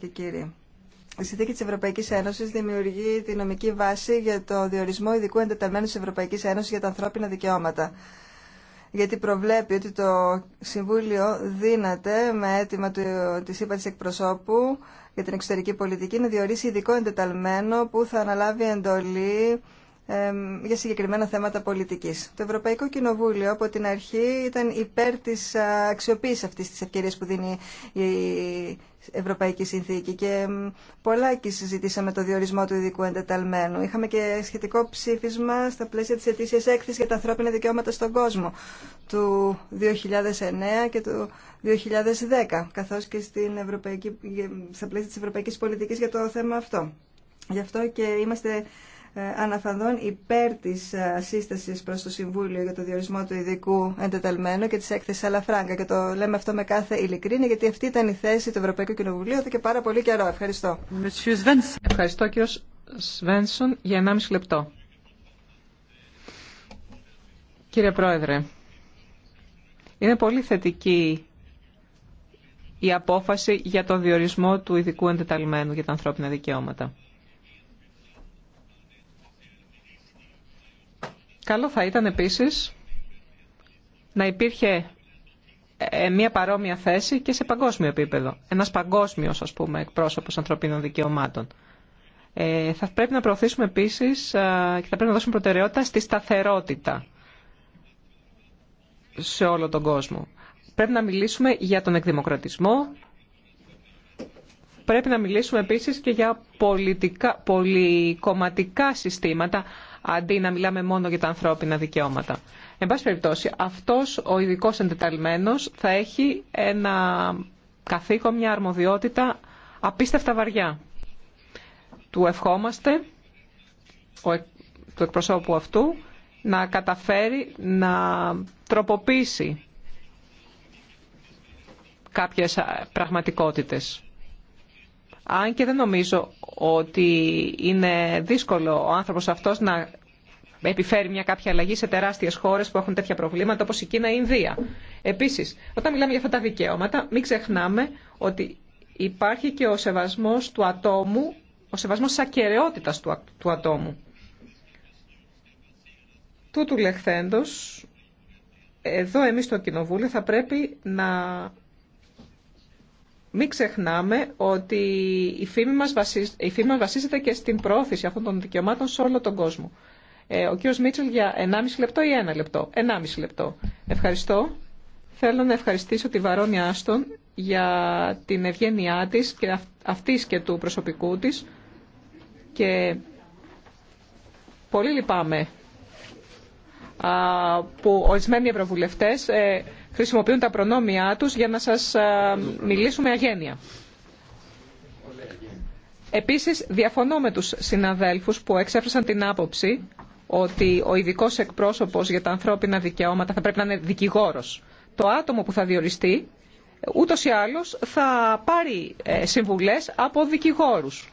και η συνθήκη τη Ευρωπαϊκή Ένωση δημιουργεί τη νομική βάση για το διορισμό ειδικού εντεταλμένου τη Ευρωπαϊκή Ένωση για τα ανθρώπινα δικαιώματα. Γιατί προβλέπει ότι το Συμβούλιο δύναται με αίτημα τη ύπαρξη εκπροσώπου για την εξωτερική πολιτική να διορίσει ειδικό εντεταλμένο που θα αναλάβει εντολή για συγκεκριμένα θέματα πολιτική. Το Ευρωπαϊκό Κοινοβούλιο από την αρχή ήταν υπέρ τη αξιοποίηση αυτή τη ευκαιρία που δίνει η Ευρωπαϊκή Συνθήκη και πολλά και συζητήσαμε το διορισμό του ειδικού εντεταλμένου. Είχαμε και σχετικό ψήφισμα στα πλαίσια της ετήσιας έκθεση για τα ανθρώπινα δικαιώματα στον κόσμο του 2009 και του 2010, καθώς και στην Ευρωπαϊκή, στα πλαίσια της ευρωπαϊκής πολιτικής για το θέμα αυτό. Γι' αυτό και είμαστε ε, αναφανδών υπέρ της ε, σύσταση προς το Συμβούλιο για το διορισμό του ειδικού εντεταλμένου και τη έκθεση Αλαφράγκα. Και το λέμε αυτό με κάθε ειλικρίνη, γιατί αυτή ήταν η θέση του Ευρωπαϊκού Κοινοβουλίου εδώ και πάρα πολύ καιρό. Ευχαριστώ. Ευχαριστώ κύριο Σβένσον για 1,5 λεπτό. Κύριε Πρόεδρε, είναι πολύ θετική η απόφαση για το διορισμό του ειδικού εντεταλμένου για τα ανθρώπινα δικαιώματα. Καλό θα ήταν επίσης να υπήρχε ε, μια παρόμοια θέση και σε παγκόσμιο επίπεδο. Ένας παγκόσμιος, ας πούμε, εκπρόσωπος ανθρωπίνων δικαιωμάτων. Ε, θα πρέπει να προωθήσουμε επίσης ε, και θα πρέπει να δώσουμε προτεραιότητα στη σταθερότητα σε όλο τον κόσμο. Πρέπει να μιλήσουμε για τον εκδημοκρατισμό, Πρέπει να μιλήσουμε επίσης και για πολιτικά, πολυκομματικά συστήματα, αντί να μιλάμε μόνο για τα ανθρώπινα δικαιώματα. Εν πάση περιπτώσει, αυτός ο ειδικό εντεταλμένος θα έχει ένα καθήκον, μια αρμοδιότητα απίστευτα βαριά. Του ευχόμαστε, του εκπροσώπου αυτού, να καταφέρει να τροποποιήσει κάποιες ε, πραγματικότητες. Αν και δεν νομίζω ότι είναι δύσκολο ο άνθρωπος αυτός να επιφέρει μια κάποια αλλαγή σε τεράστιες χώρες που έχουν τέτοια προβλήματα όπως η Κίνα ή η Ινδία. Επίσης, όταν μιλάμε για αυτά τα δικαιώματα, μην ξεχνάμε ότι υπάρχει και ο σεβασμός του ατόμου, ο σεβασμός της ακαιρεότητας του, του ατόμου. Τούτου λεχθέντος, εδώ εμείς στο Κοινοβούλιο θα πρέπει να μην ξεχνάμε ότι η φήμη μας, βασίζεται, η μας βασίζεται και στην προώθηση αυτών των δικαιωμάτων σε όλο τον κόσμο. Ε, ο κ. Μίτσελ για 1,5 λεπτό ή 1 λεπτό. 1,5 λεπτό. Ευχαριστώ. Θέλω να ευχαριστήσω τη Βαρόνια Άστον για την ευγένειά της και αυτής και του προσωπικού της και πολύ λυπάμαι που ορισμένοι ευρωβουλευτές ε, χρησιμοποιούν τα προνόμια τους για να σας μιλήσουμε αγένεια. Επίσης, διαφωνώ με τους συναδέλφους που εξέφρασαν την άποψη ότι ο ειδικό εκπρόσωπος για τα ανθρώπινα δικαιώματα θα πρέπει να είναι δικηγόρος. Το άτομο που θα διοριστεί, ούτως ή άλλως, θα πάρει ε, συμβουλές από δικηγόρους.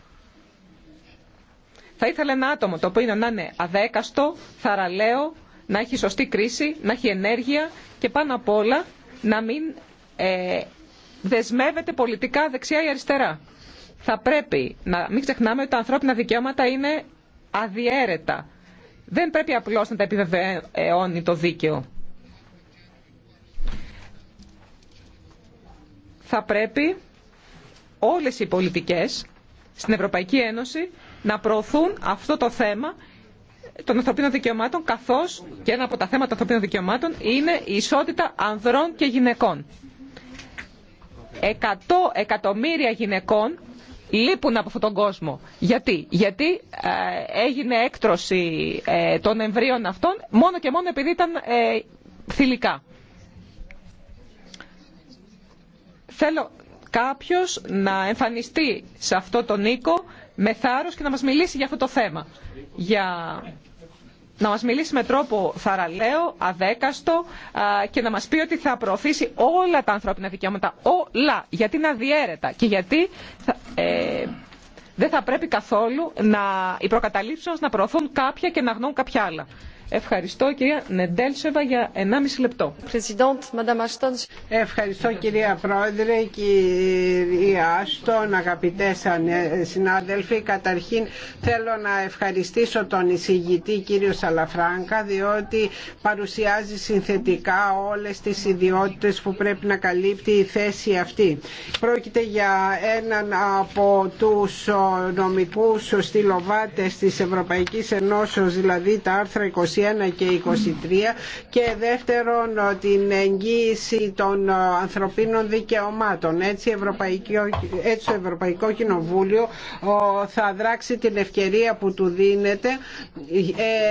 Θα ήθελα ένα άτομο το οποίο να είναι αδέκαστο, θαραλέο, να έχει σωστή κρίση, να έχει ενέργεια και πάνω απ' όλα να μην ε, δεσμεύεται πολιτικά δεξιά ή αριστερά. Θα πρέπει να μην ξεχνάμε ότι τα ανθρώπινα δικαιώματα είναι αδιέρετα. Δεν πρέπει απλώς να τα επιβεβαιώνει το δίκαιο. Θα πρέπει όλες οι πολιτικές στην Ευρωπαϊκή Ένωση να προωθούν αυτό το θέμα των ανθρωπίνων δικαιωμάτων, καθώς και ένα από τα θέματα των ανθρωπίνων δικαιωμάτων είναι η ισότητα ανδρών και γυναικών. Εκατό εκατομμύρια γυναικών λείπουν από αυτόν τον κόσμο. Γιατί, Γιατί ε, έγινε έκτρωση ε, των εμβρίων αυτών μόνο και μόνο επειδή ήταν ε, θηλυκά. Θέλω κάποιος να εμφανιστεί σε αυτό τον οίκο με θάρρος και να μας μιλήσει για αυτό το θέμα. Για να μας μιλήσει με τρόπο θαραλέο, αδέκαστο και να μας πει ότι θα προωθήσει όλα τα ανθρώπινα δικαιώματα, όλα, γιατί είναι αδιέρετα και γιατί ε, δεν θα πρέπει καθόλου να, οι προκαταλήψεις να προωθούν κάποια και να γνώουν κάποια άλλα. Ευχαριστώ κυρία Νεντέλσεβα για 1,5 λεπτό. Ευχαριστώ κυρία Πρόεδρε, κυρία Άστον, αγαπητέ συνάδελφοι. Καταρχήν θέλω να ευχαριστήσω τον εισηγητή κύριο Σαλαφράγκα διότι παρουσιάζει συνθετικά όλες τις ιδιότητες που πρέπει να καλύπτει η θέση αυτή. Πρόκειται για έναν από τους νομικούς στυλοβάτες της Ευρωπαϊκής Ενώσεως, δηλαδή τα άρθρα 20. 21 και 23 και δεύτερον την εγγύηση των ανθρωπίνων δικαιωμάτων. Έτσι, Ευρωπαϊκό, έτσι το Ευρωπαϊκό Κοινοβούλιο θα δράξει την ευκαιρία που του δίνεται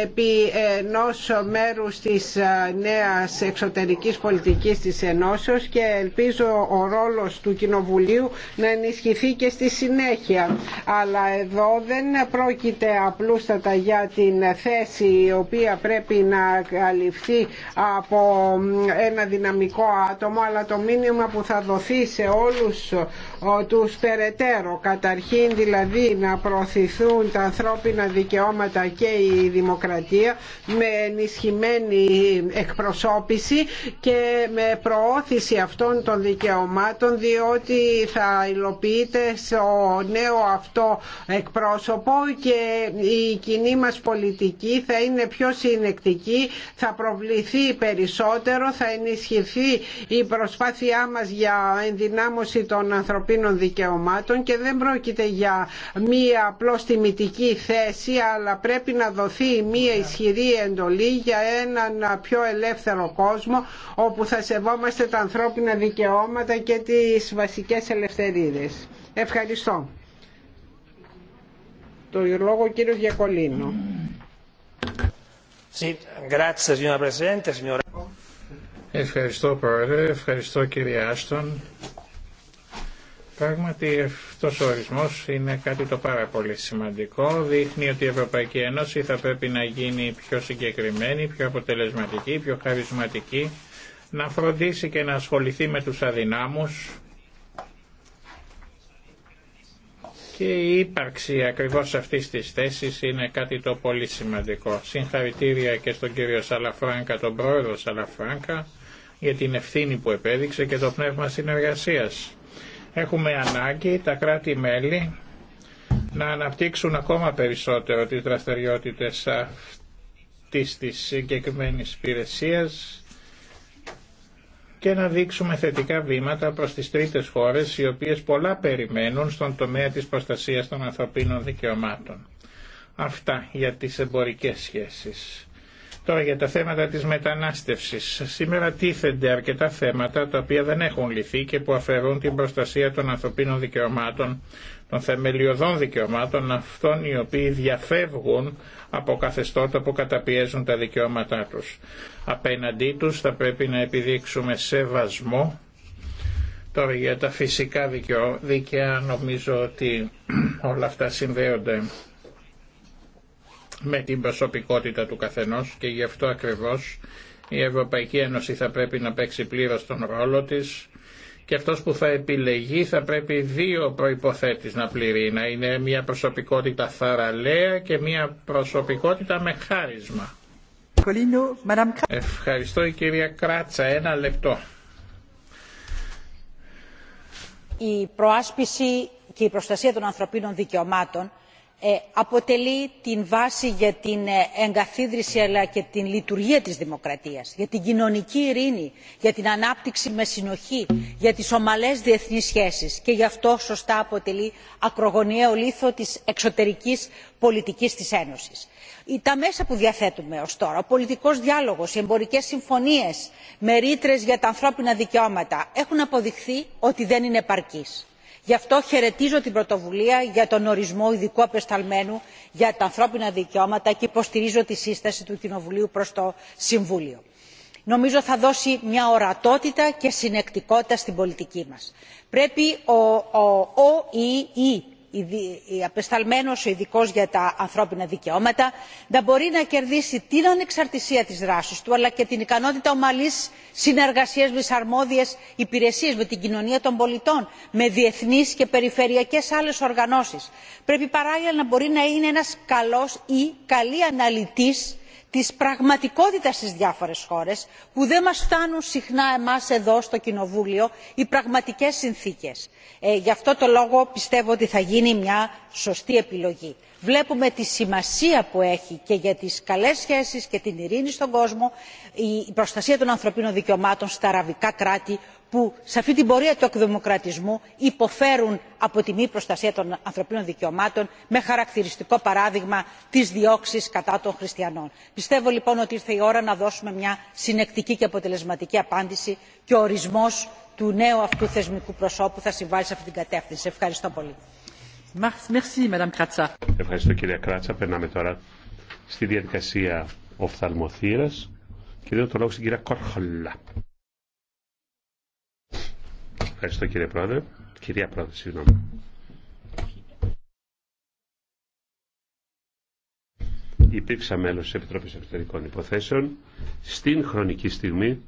επί ενός μέρους της νέας εξωτερικής πολιτικής της Ενώσεως και ελπίζω ο ρόλος του Κοινοβουλίου να ενισχυθεί και στη συνέχεια. Αλλά εδώ δεν πρόκειται απλούστατα για την θέση η οποία πρέπει να καλυφθεί από ένα δυναμικό άτομο αλλά το μήνυμα που θα δοθεί σε όλους τους περαιτέρω καταρχήν δηλαδή να προωθηθούν τα ανθρώπινα δικαιώματα και η δημοκρατία με ενισχυμένη εκπροσώπηση και με προώθηση αυτών των δικαιωμάτων διότι θα υλοποιείται στο νέο αυτό εκπρόσωπο και η κοινή μας πολιτική θα είναι πιο συνεκτική, θα προβληθεί περισσότερο, θα ενισχυθεί η προσπάθειά μας για ενδυνάμωση των ανθρωπίνων δικαιωμάτων και δεν πρόκειται για μία απλώς τιμητική θέση, αλλά πρέπει να δοθεί μία ισχυρή εντολή για έναν πιο ελεύθερο κόσμο, όπου θα σεβόμαστε τα ανθρώπινα δικαιώματα και τις βασικές ελευθερίδες. Ευχαριστώ. Το λόγο κύριο Γιακολίνο. Ευχαριστώ Πρόεδρε, ευχαριστώ κύριε Άστον. Πράγματι αυτός ο ορισμός είναι κάτι το πάρα πολύ σημαντικό. Δείχνει ότι η Ευρωπαϊκή Ένωση θα πρέπει να γίνει πιο συγκεκριμένη, πιο αποτελεσματική, πιο χαρισματική, να φροντίσει και να ασχοληθεί με τους αδυνάμους, και η ύπαρξη ακριβώς αυτής της θέσης είναι κάτι το πολύ σημαντικό. Συγχαρητήρια και στον κύριο Σαλαφράνκα, τον πρόεδρο Σαλαφράνκα, για την ευθύνη που επέδειξε και το πνεύμα συνεργασίας. Έχουμε ανάγκη τα κράτη-μέλη να αναπτύξουν ακόμα περισσότερο τις δραστηριότητες αυτής της συγκεκριμένης υπηρεσίας, και να δείξουμε θετικά βήματα προς τις τρίτες χώρες οι οποίες πολλά περιμένουν στον τομέα της προστασίας των ανθρωπίνων δικαιωμάτων. Αυτά για τις εμπορικές σχέσεις. Τώρα για τα θέματα της μετανάστευσης. Σήμερα τίθενται αρκετά θέματα τα οποία δεν έχουν λυθεί και που αφαιρούν την προστασία των ανθρωπίνων δικαιωμάτων, των θεμελιωδών δικαιωμάτων αυτών οι οποίοι διαφεύγουν από καθεστώτα που καταπιέζουν τα δικαιώματά τους. Απέναντί τους θα πρέπει να επιδείξουμε σεβασμό. Τώρα για τα φυσικά δίκαια νομίζω ότι όλα αυτά συνδέονται με την προσωπικότητα του καθενός και γι' αυτό ακριβώς η Ευρωπαϊκή Ένωση θα πρέπει να παίξει πλήρως τον ρόλο της και αυτός που θα επιλεγεί θα πρέπει δύο προϋποθέτης να πληρεί, να είναι μια προσωπικότητα θαραλέα και μια προσωπικότητα με χάρισμα. Ευχαριστώ η κυρία Κράτσα, ένα λεπτό. Η προάσπιση και η προστασία των ανθρωπίνων δικαιωμάτων ε, αποτελεί την βάση για την ε, εγκαθίδρυση αλλά και την λειτουργία της δημοκρατίας για την κοινωνική ειρήνη για την ανάπτυξη με συνοχή για τις ομαλές διεθνείς σχέσεις και γι' αυτό σωστά αποτελεί ακρογωνιαίο λίθο της εξωτερικής πολιτικής της ένωσης. τα μέσα που διαθέτουμε ως τώρα ο πολιτικός διάλογος οι εμπορικές συμφωνίες με ρήτρες για τα ανθρώπινα δικαιώματα έχουν αποδειχθεί ότι δεν είναι επαρκείς γι' αυτό χαιρετίζω την πρωτοβουλία για τον ορισμό ειδικού απεσταλμένου για τα ανθρώπινα δικαιώματα και υποστηρίζω τη σύσταση του κοινοβουλίου προς το συμβούλιο. νομίζω θα δώσει μια ορατότητα και συνεκτικότητα στην πολιτική μας. πρέπει ο ή απεσταλμένος ο ειδικός για τα ανθρώπινα δικαιώματα να μπορεί να κερδίσει την ανεξαρτησία της δράσης του αλλά και την ικανότητα ομαλής συνεργασίας με τις αρμόδιες υπηρεσίες με την κοινωνία των πολιτών με διεθνείς και περιφερειακές άλλες οργανώσεις. πρέπει παράλληλα να μπορεί να είναι ένας καλός ή καλή αναλυτής της πραγματικότητας στις διάφορες χώρες που δεν μας φτάνουν συχνά εμάς εδώ στο κοινοβούλιο οι πραγματικές συνθήκες. Ε, γι' αυτό το λόγο πιστεύω ότι θα γίνει μια σωστή επιλογή βλέπουμε τη σημασία που έχει και για τις καλές σχέσεις και την ειρήνη στον κόσμο η προστασία των ανθρωπίνων δικαιωμάτων στα αραβικά κράτη που σε αυτή την πορεία του εκδημοκρατισμού υποφέρουν από τη μη προστασία των ανθρωπίνων δικαιωμάτων με χαρακτηριστικό παράδειγμα τις διώξεις κατά των χριστιανών. πιστεύω λοιπόν ότι ήρθε η ώρα να δώσουμε μια συνεκτική και αποτελεσματική απάντηση και ο ορισμός του νέου αυτού θεσμικού προσώπου θα συμβάλλει σε αυτή την κατεύθυνση. ευχαριστώ πολύ. Ευχαριστώ κυρία Κράτσα. Περνάμε τώρα στη διαδικασία οφθαλμοθύρας και δίνω το λόγο στην κυρία Κορχολά. Ευχαριστώ κύριε Πρόεδρε. Κυρία Πρόεδρε, συγγνώμη. Υπήρξα μέλος της Επιτροπής Εξωτερικών Υποθέσεων στην χρονική στιγμή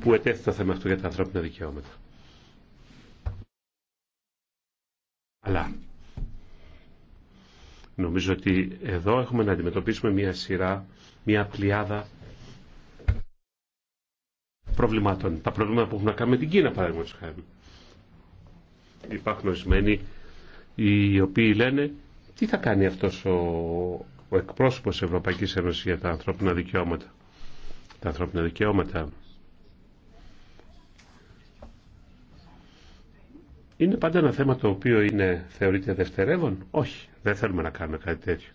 που ετέθη το θέμα αυτό για τα ανθρώπινα δικαιώματα. Αλλά νομίζω ότι εδώ έχουμε να αντιμετωπίσουμε μια σειρά, μια πλειάδα προβλημάτων. Τα προβλήματα που έχουν να κάνουν με την Κίνα, παραδείγματο χάρη. Υπάρχουν ορισμένοι οι οποίοι λένε τι θα κάνει αυτός ο, ο εκπρόσωπος Ευρωπαϊκής Ένωσης για τα ανθρώπινα δικαιώματα. Τα ανθρώπινα δικαιώματα Είναι πάντα ένα θέμα το οποίο είναι, θεωρείται δευτερεύον. Όχι, δεν θέλουμε να κάνουμε κάτι τέτοιο.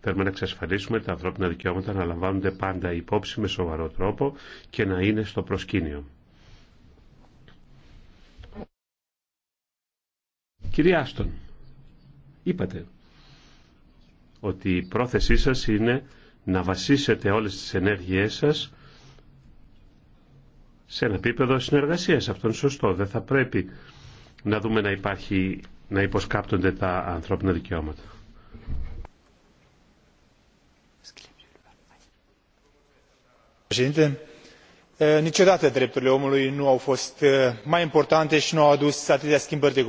Θέλουμε να εξασφαλίσουμε τα ανθρώπινα δικαιώματα να λαμβάνονται πάντα υπόψη με σοβαρό τρόπο και να είναι στο προσκήνιο. Κυρία Άστον, είπατε ότι η πρόθεσή σας είναι να βασίσετε όλες τις ενέργειές σας σε ένα επίπεδο συνεργασίας. Αυτό είναι σωστό. Δεν θα πρέπει να δούμε να υπάρχει, να υποσκάπτονται τα ανθρώπινα δικαιώματα.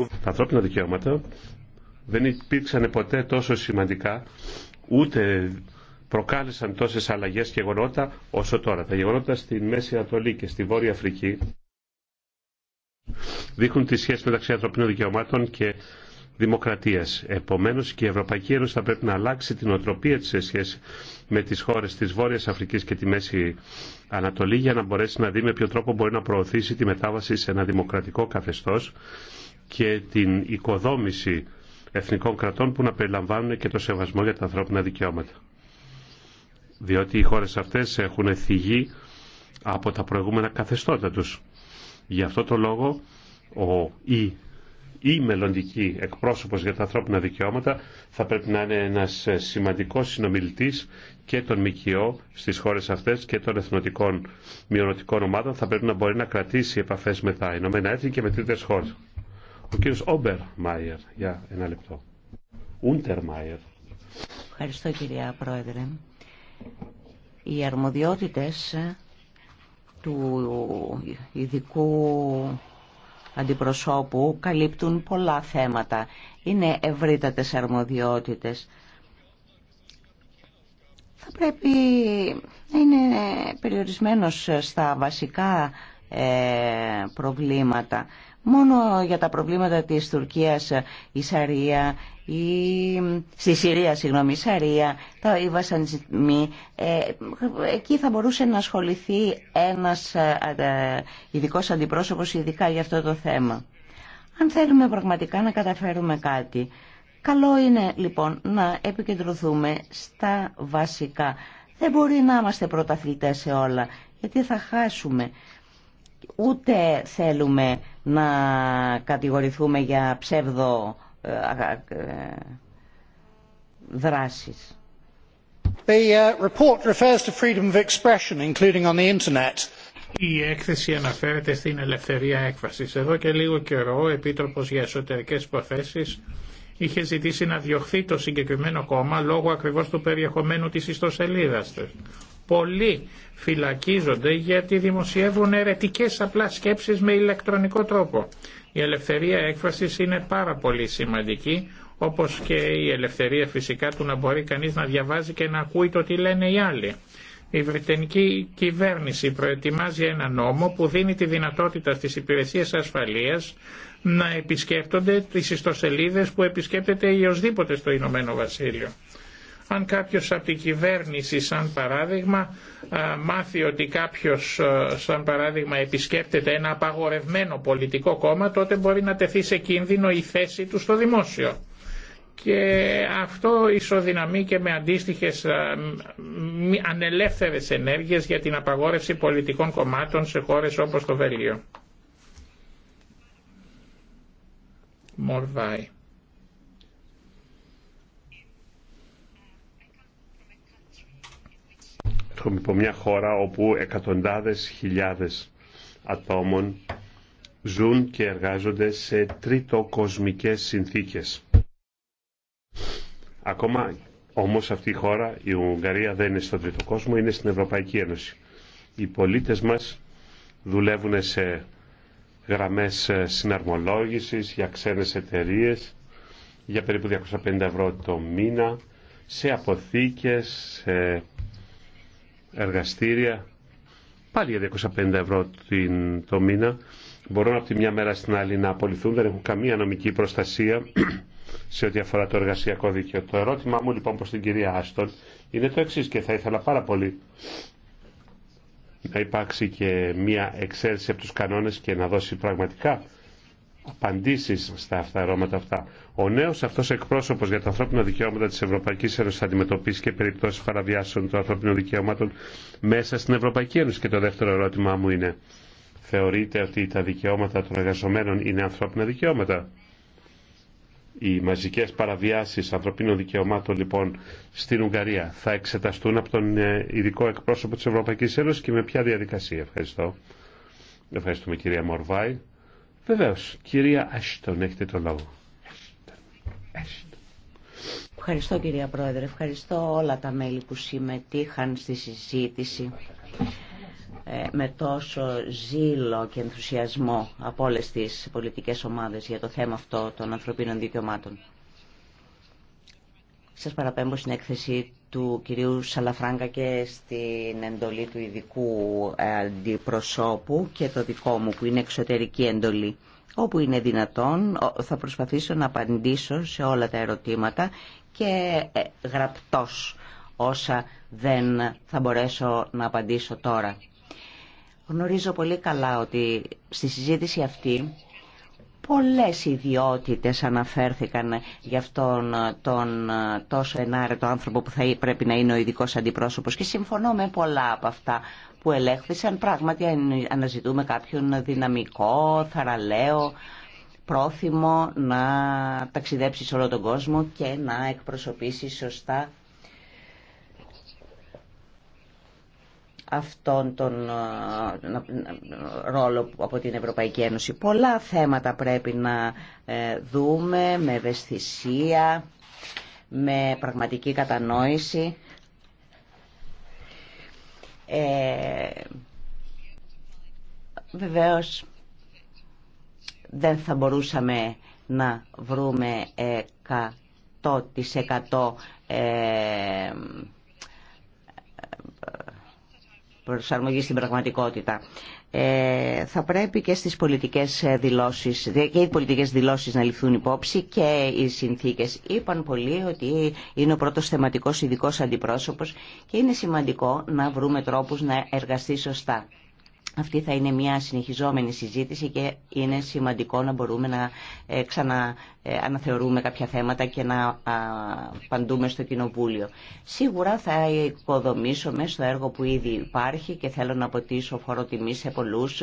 Τα ανθρώπινα δικαιώματα δεν υπήρξαν ποτέ τόσο σημαντικά ούτε προκάλεσαν τόσες αλλαγές και γεγονότα όσο τώρα. Τα γεγονότα στη Μέση Ανατολή και στη Βόρεια Αφρική δείχνουν τη σχέση μεταξύ ανθρωπίνων δικαιωμάτων και δημοκρατία. Επομένω, και η Ευρωπαϊκή Ένωση θα πρέπει να αλλάξει την οτροπία τη σε σχέση με τι χώρε τη Βόρεια Αφρική και τη Μέση Ανατολή για να μπορέσει να δει με ποιο τρόπο μπορεί να προωθήσει τη μετάβαση σε ένα δημοκρατικό καθεστώ και την οικοδόμηση εθνικών κρατών που να περιλαμβάνουν και το σεβασμό για τα ανθρώπινα δικαιώματα. Διότι οι χώρες αυτές έχουν θυγεί από τα προηγούμενα καθεστώτα τους. Γι' αυτό το λόγο ο, η, η μελλοντική εκπρόσωπος για τα ανθρώπινα δικαιώματα θα πρέπει να είναι ένας σημαντικός συνομιλητής και των ΜΚΟ στις χώρες αυτές και των εθνοτικών μειονοτικών ομάδων θα πρέπει να μπορεί να κρατήσει επαφές με τα Ηνωμένα Έθνη και με τρίτες χώρες. Ο κύριος Όμπερ Μάιερ, για ένα λεπτό. Ούντερ Μάιερ. Ευχαριστώ κυρία Πρόεδρε. Οι αρμοδιότητες του ειδικού αντιπροσώπου καλύπτουν πολλά θέματα. Είναι ευρύτατες αρμοδιότητες. Θα πρέπει να είναι περιορισμένος στα βασικά ε, προβλήματα. Μόνο για τα προβλήματα της Τουρκίας, η Σαρία, στη Συρία, συγγνώμη, η Σαρία, τα, οι ε, εκεί θα μπορούσε να ασχοληθεί ένας ε, ε, ειδικό αντιπρόσωπος ειδικά για αυτό το θέμα. Αν θέλουμε πραγματικά να καταφέρουμε κάτι, καλό είναι λοιπόν να επικεντρωθούμε στα βασικά. Δεν μπορεί να είμαστε πρωταθλητές σε όλα, γιατί θα χάσουμε. Ούτε θέλουμε να κατηγορηθούμε για ψεύδο δράσεις. Uh, report refers to freedom of expression, including on the internet. Η έκθεση αναφέρεται στην ελευθερία έκφρασης. Εδώ και λίγο καιρό ο Επίτροπος για Εσωτερικές Προθέσεις είχε ζητήσει να διωχθεί το συγκεκριμένο κόμμα λόγω ακριβώς του περιεχομένου της ιστοσελίδας του. Πολλοί φυλακίζονται γιατί δημοσιεύουν ερετικές απλά σκέψεις με ηλεκτρονικό τρόπο. Η ελευθερία έκφρασης είναι πάρα πολύ σημαντική, όπως και η ελευθερία φυσικά του να μπορεί κανείς να διαβάζει και να ακούει το τι λένε οι άλλοι. Η Βρετανική κυβέρνηση προετοιμάζει ένα νόμο που δίνει τη δυνατότητα στις υπηρεσίες ασφαλείας να επισκέπτονται τις ιστοσελίδες που επισκέπτεται οσδήποτε στο Ηνωμένο Βασίλειο. Αν κάποιος από την κυβέρνηση σαν παράδειγμα μάθει ότι κάποιος σαν παράδειγμα επισκέπτεται ένα απαγορευμένο πολιτικό κόμμα τότε μπορεί να τεθεί σε κίνδυνο η θέση του στο δημόσιο. Και αυτό ισοδυναμεί και με αντίστοιχες ανελεύθερες ενέργειες για την απαγόρευση πολιτικών κομμάτων σε χώρες όπως το Βέλγιο. από μια χώρα όπου εκατοντάδες χιλιάδες ατόμων ζουν και εργάζονται σε κοσμικές συνθήκες. Ακόμα όμως αυτή η χώρα, η Ουγγαρία δεν είναι στον τρίτο κόσμο, είναι στην Ευρωπαϊκή Ένωση. Οι πολίτες μας δουλεύουν σε γραμμές ε, συναρμολόγησης για ξένες εταιρείε για περίπου 250 ευρώ το μήνα, σε αποθήκες, σε εργαστήρια, πάλι για 250 ευρώ την, το μήνα, μπορούν από τη μια μέρα στην άλλη να απολυθούν, δεν έχουν καμία νομική προστασία σε ό,τι αφορά το εργασιακό δίκαιο. Το ερώτημά μου λοιπόν προς την κυρία Άστον είναι το εξής και θα ήθελα πάρα πολύ να υπάρξει και μία εξαίρεση από τους κανόνες και να δώσει πραγματικά απαντήσεις στα αυτά αυτά. Ο νέος αυτός εκπρόσωπος για τα ανθρώπινα δικαιώματα της Ευρωπαϊκής Ένωσης θα αντιμετωπίσει και περιπτώσεις παραβιάσεων των ανθρώπινων δικαιωμάτων μέσα στην Ευρωπαϊκή Ένωση. Και το δεύτερο ερώτημά μου είναι, θεωρείτε ότι τα δικαιώματα των εργαζομένων είναι ανθρώπινα δικαιώματα. Οι μαζικές παραβιάσεις ανθρωπίνων δικαιωμάτων λοιπόν στην Ουγγαρία θα εξεταστούν από τον ε, ειδικό εκπρόσωπο της Ευρωπαϊκής Ένωσης και με ποια διαδικασία. Ευχαριστώ. Ευχαριστούμε κυρία Μορβάη. Βεβαίω, κυρία Άστον, έχετε το λόγο. Ευχαριστώ κυρία Πρόεδρε, ευχαριστώ όλα τα μέλη που συμμετείχαν στη συζήτηση ε, με τόσο ζήλο και ενθουσιασμό από όλες τις πολιτικές ομάδες για το θέμα αυτό των ανθρωπίνων δικαιωμάτων. Σας παραπέμπω στην έκθεση του κυρίου Σαλαφράγκα και στην εντολή του ειδικού ε, αντιπροσώπου και το δικό μου που είναι εξωτερική εντολή. Όπου είναι δυνατόν θα προσπαθήσω να απαντήσω σε όλα τα ερωτήματα και ε, γραπτός όσα δεν θα μπορέσω να απαντήσω τώρα. Γνωρίζω πολύ καλά ότι στη συζήτηση αυτή Πολλές ιδιότητες αναφέρθηκαν για αυτόν τον τόσο ενάρετο άνθρωπο που θα πρέπει να είναι ο ειδικό αντιπρόσωπος και συμφωνώ με πολλά από αυτά που ελέγχθησαν. Πράγματι αναζητούμε κάποιον δυναμικό, θαραλέο, πρόθυμο να ταξιδέψει σε όλο τον κόσμο και να εκπροσωπήσει σωστά αυτόν τον ε, ρόλο από την Ευρωπαϊκή Ένωση. Πολλά θέματα πρέπει να ε, δούμε με ευαισθησία, με πραγματική κατανόηση. Ε, βεβαίως δεν θα μπορούσαμε να βρούμε 100% ε, προσαρμογή στην πραγματικότητα. Ε, θα πρέπει και στις πολιτικές δηλώσεις και οι πολιτικές δηλώσεις να ληφθούν υπόψη και οι συνθήκες. Είπαν πολλοί ότι είναι ο πρώτος θεματικός ειδικό αντιπρόσωπος και είναι σημαντικό να βρούμε τρόπους να εργαστεί σωστά. Αυτή θα είναι μια συνεχιζόμενη συζήτηση και είναι σημαντικό να μπορούμε να ε, ξανααναθεωρούμε ε, κάποια θέματα και να παντούμε στο Κοινοβούλιο. Σίγουρα θα οικοδομήσουμε στο έργο που ήδη υπάρχει και θέλω να αποτίσω φορό τιμή σε πολλούς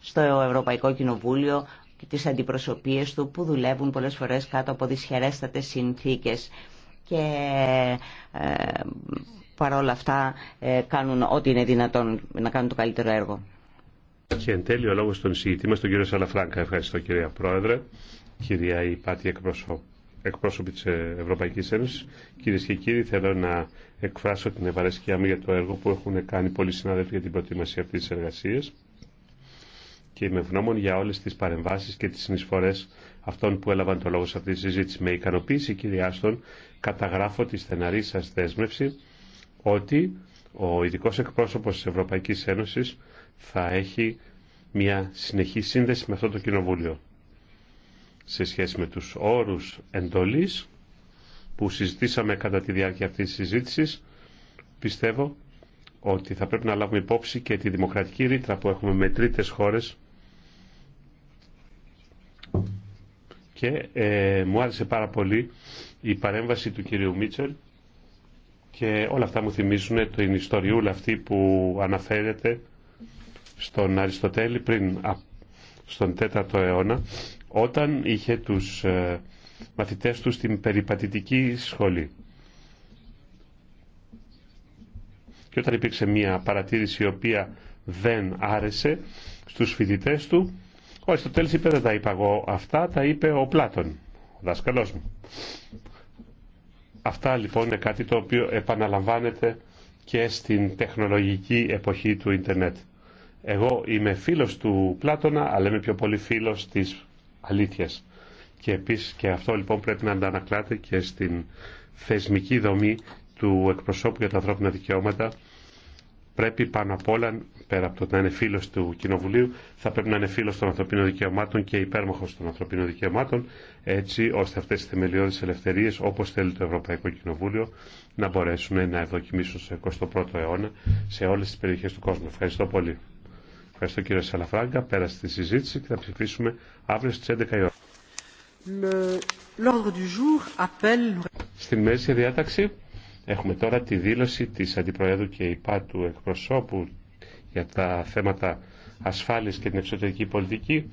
στο Ευρωπαϊκό Κοινοβούλιο και τις αντιπροσωπείες του που δουλεύουν πολλές φορές κάτω από δυσχερέστατες συνθήκες και ε, παρόλα αυτά κάνουν ό,τι είναι δυνατόν να κάνουν το καλύτερο έργο. Και εν τέλει ο λόγο των συγητή μα, τον κύριο Σαλαφράγκα. Ευχαριστώ κυρία Πρόεδρε, κυρία Υπάτη εκπρόσωπη τη της ε, Ευρωπαϊκής Ένωσης. Κυρίε και κύριοι, θέλω να εκφράσω την ευαρέσκειά μου για το έργο που έχουν κάνει πολλοί συνάδελφοι για την προετοιμασία αυτή τη εργασία και είμαι ευγνώμων για όλε τι παρεμβάσει και τι συνεισφορέ αυτών που έλαβαν το λόγο σε αυτή τη συζήτηση. Με ικανοποίηση, κύριε Άστον, καταγράφω τη στεναρή σα δέσμευση ότι ο ειδικό εκπρόσωπο τη Ευρωπαϊκή Ένωση θα έχει μια συνεχή σύνδεση με αυτό το κοινοβούλιο σε σχέση με τους όρους εντολής που συζητήσαμε κατά τη διάρκεια αυτής της συζήτησης πιστεύω ότι θα πρέπει να λάβουμε υπόψη και τη δημοκρατική ρήτρα που έχουμε με τρίτες χώρες και ε, μου άρεσε πάρα πολύ η παρέμβαση του κυρίου Μίτσελ και όλα αυτά μου θυμίζουν την ιστοριούλα αυτή που αναφέρεται στον Αριστοτέλη πριν στον 4ο αιώνα όταν είχε τους ε, μαθητές του στην περιπατητική σχολή. Και όταν υπήρξε μια παρατήρηση η οποία δεν άρεσε στους φοιτητές του, ο Αριστοτέλης είπε δεν τα είπα εγώ αυτά, τα είπε ο Πλάτων, ο δάσκαλός μου. Αυτά λοιπόν είναι κάτι το οποίο επαναλαμβάνεται και στην τεχνολογική εποχή του ίντερνετ. Εγώ είμαι φίλος του Πλάτωνα, αλλά είμαι πιο πολύ φίλος της αλήθειας. Και επίσης και αυτό λοιπόν πρέπει να αντανακλάται και στην θεσμική δομή του εκπροσώπου για τα ανθρώπινα δικαιώματα. Πρέπει πάνω απ' όλα, πέρα από το να είναι φίλο του Κοινοβουλίου, θα πρέπει να είναι φίλο των ανθρωπίνων δικαιωμάτων και υπέρμαχος των ανθρωπίνων δικαιωμάτων, έτσι ώστε αυτές οι θεμελιώδεις ελευθερίες, όπως θέλει το Ευρωπαϊκό Κοινοβούλιο, να μπορέσουν να ευδοκιμήσουν στο 21ο αιώνα σε όλε τι περιοχέ του κόσμου. Ευχαριστώ πολύ. Ευχαριστώ κύριε Σαλαφράγκα. Πέρασε τη συζήτηση και θα ψηφίσουμε αύριο στις 11 η ώρα. Στην μέση διάταξη έχουμε τώρα τη δήλωση της Αντιπροέδρου και υπά του εκπροσώπου για τα θέματα ασφάλειας και την εξωτερική πολιτική.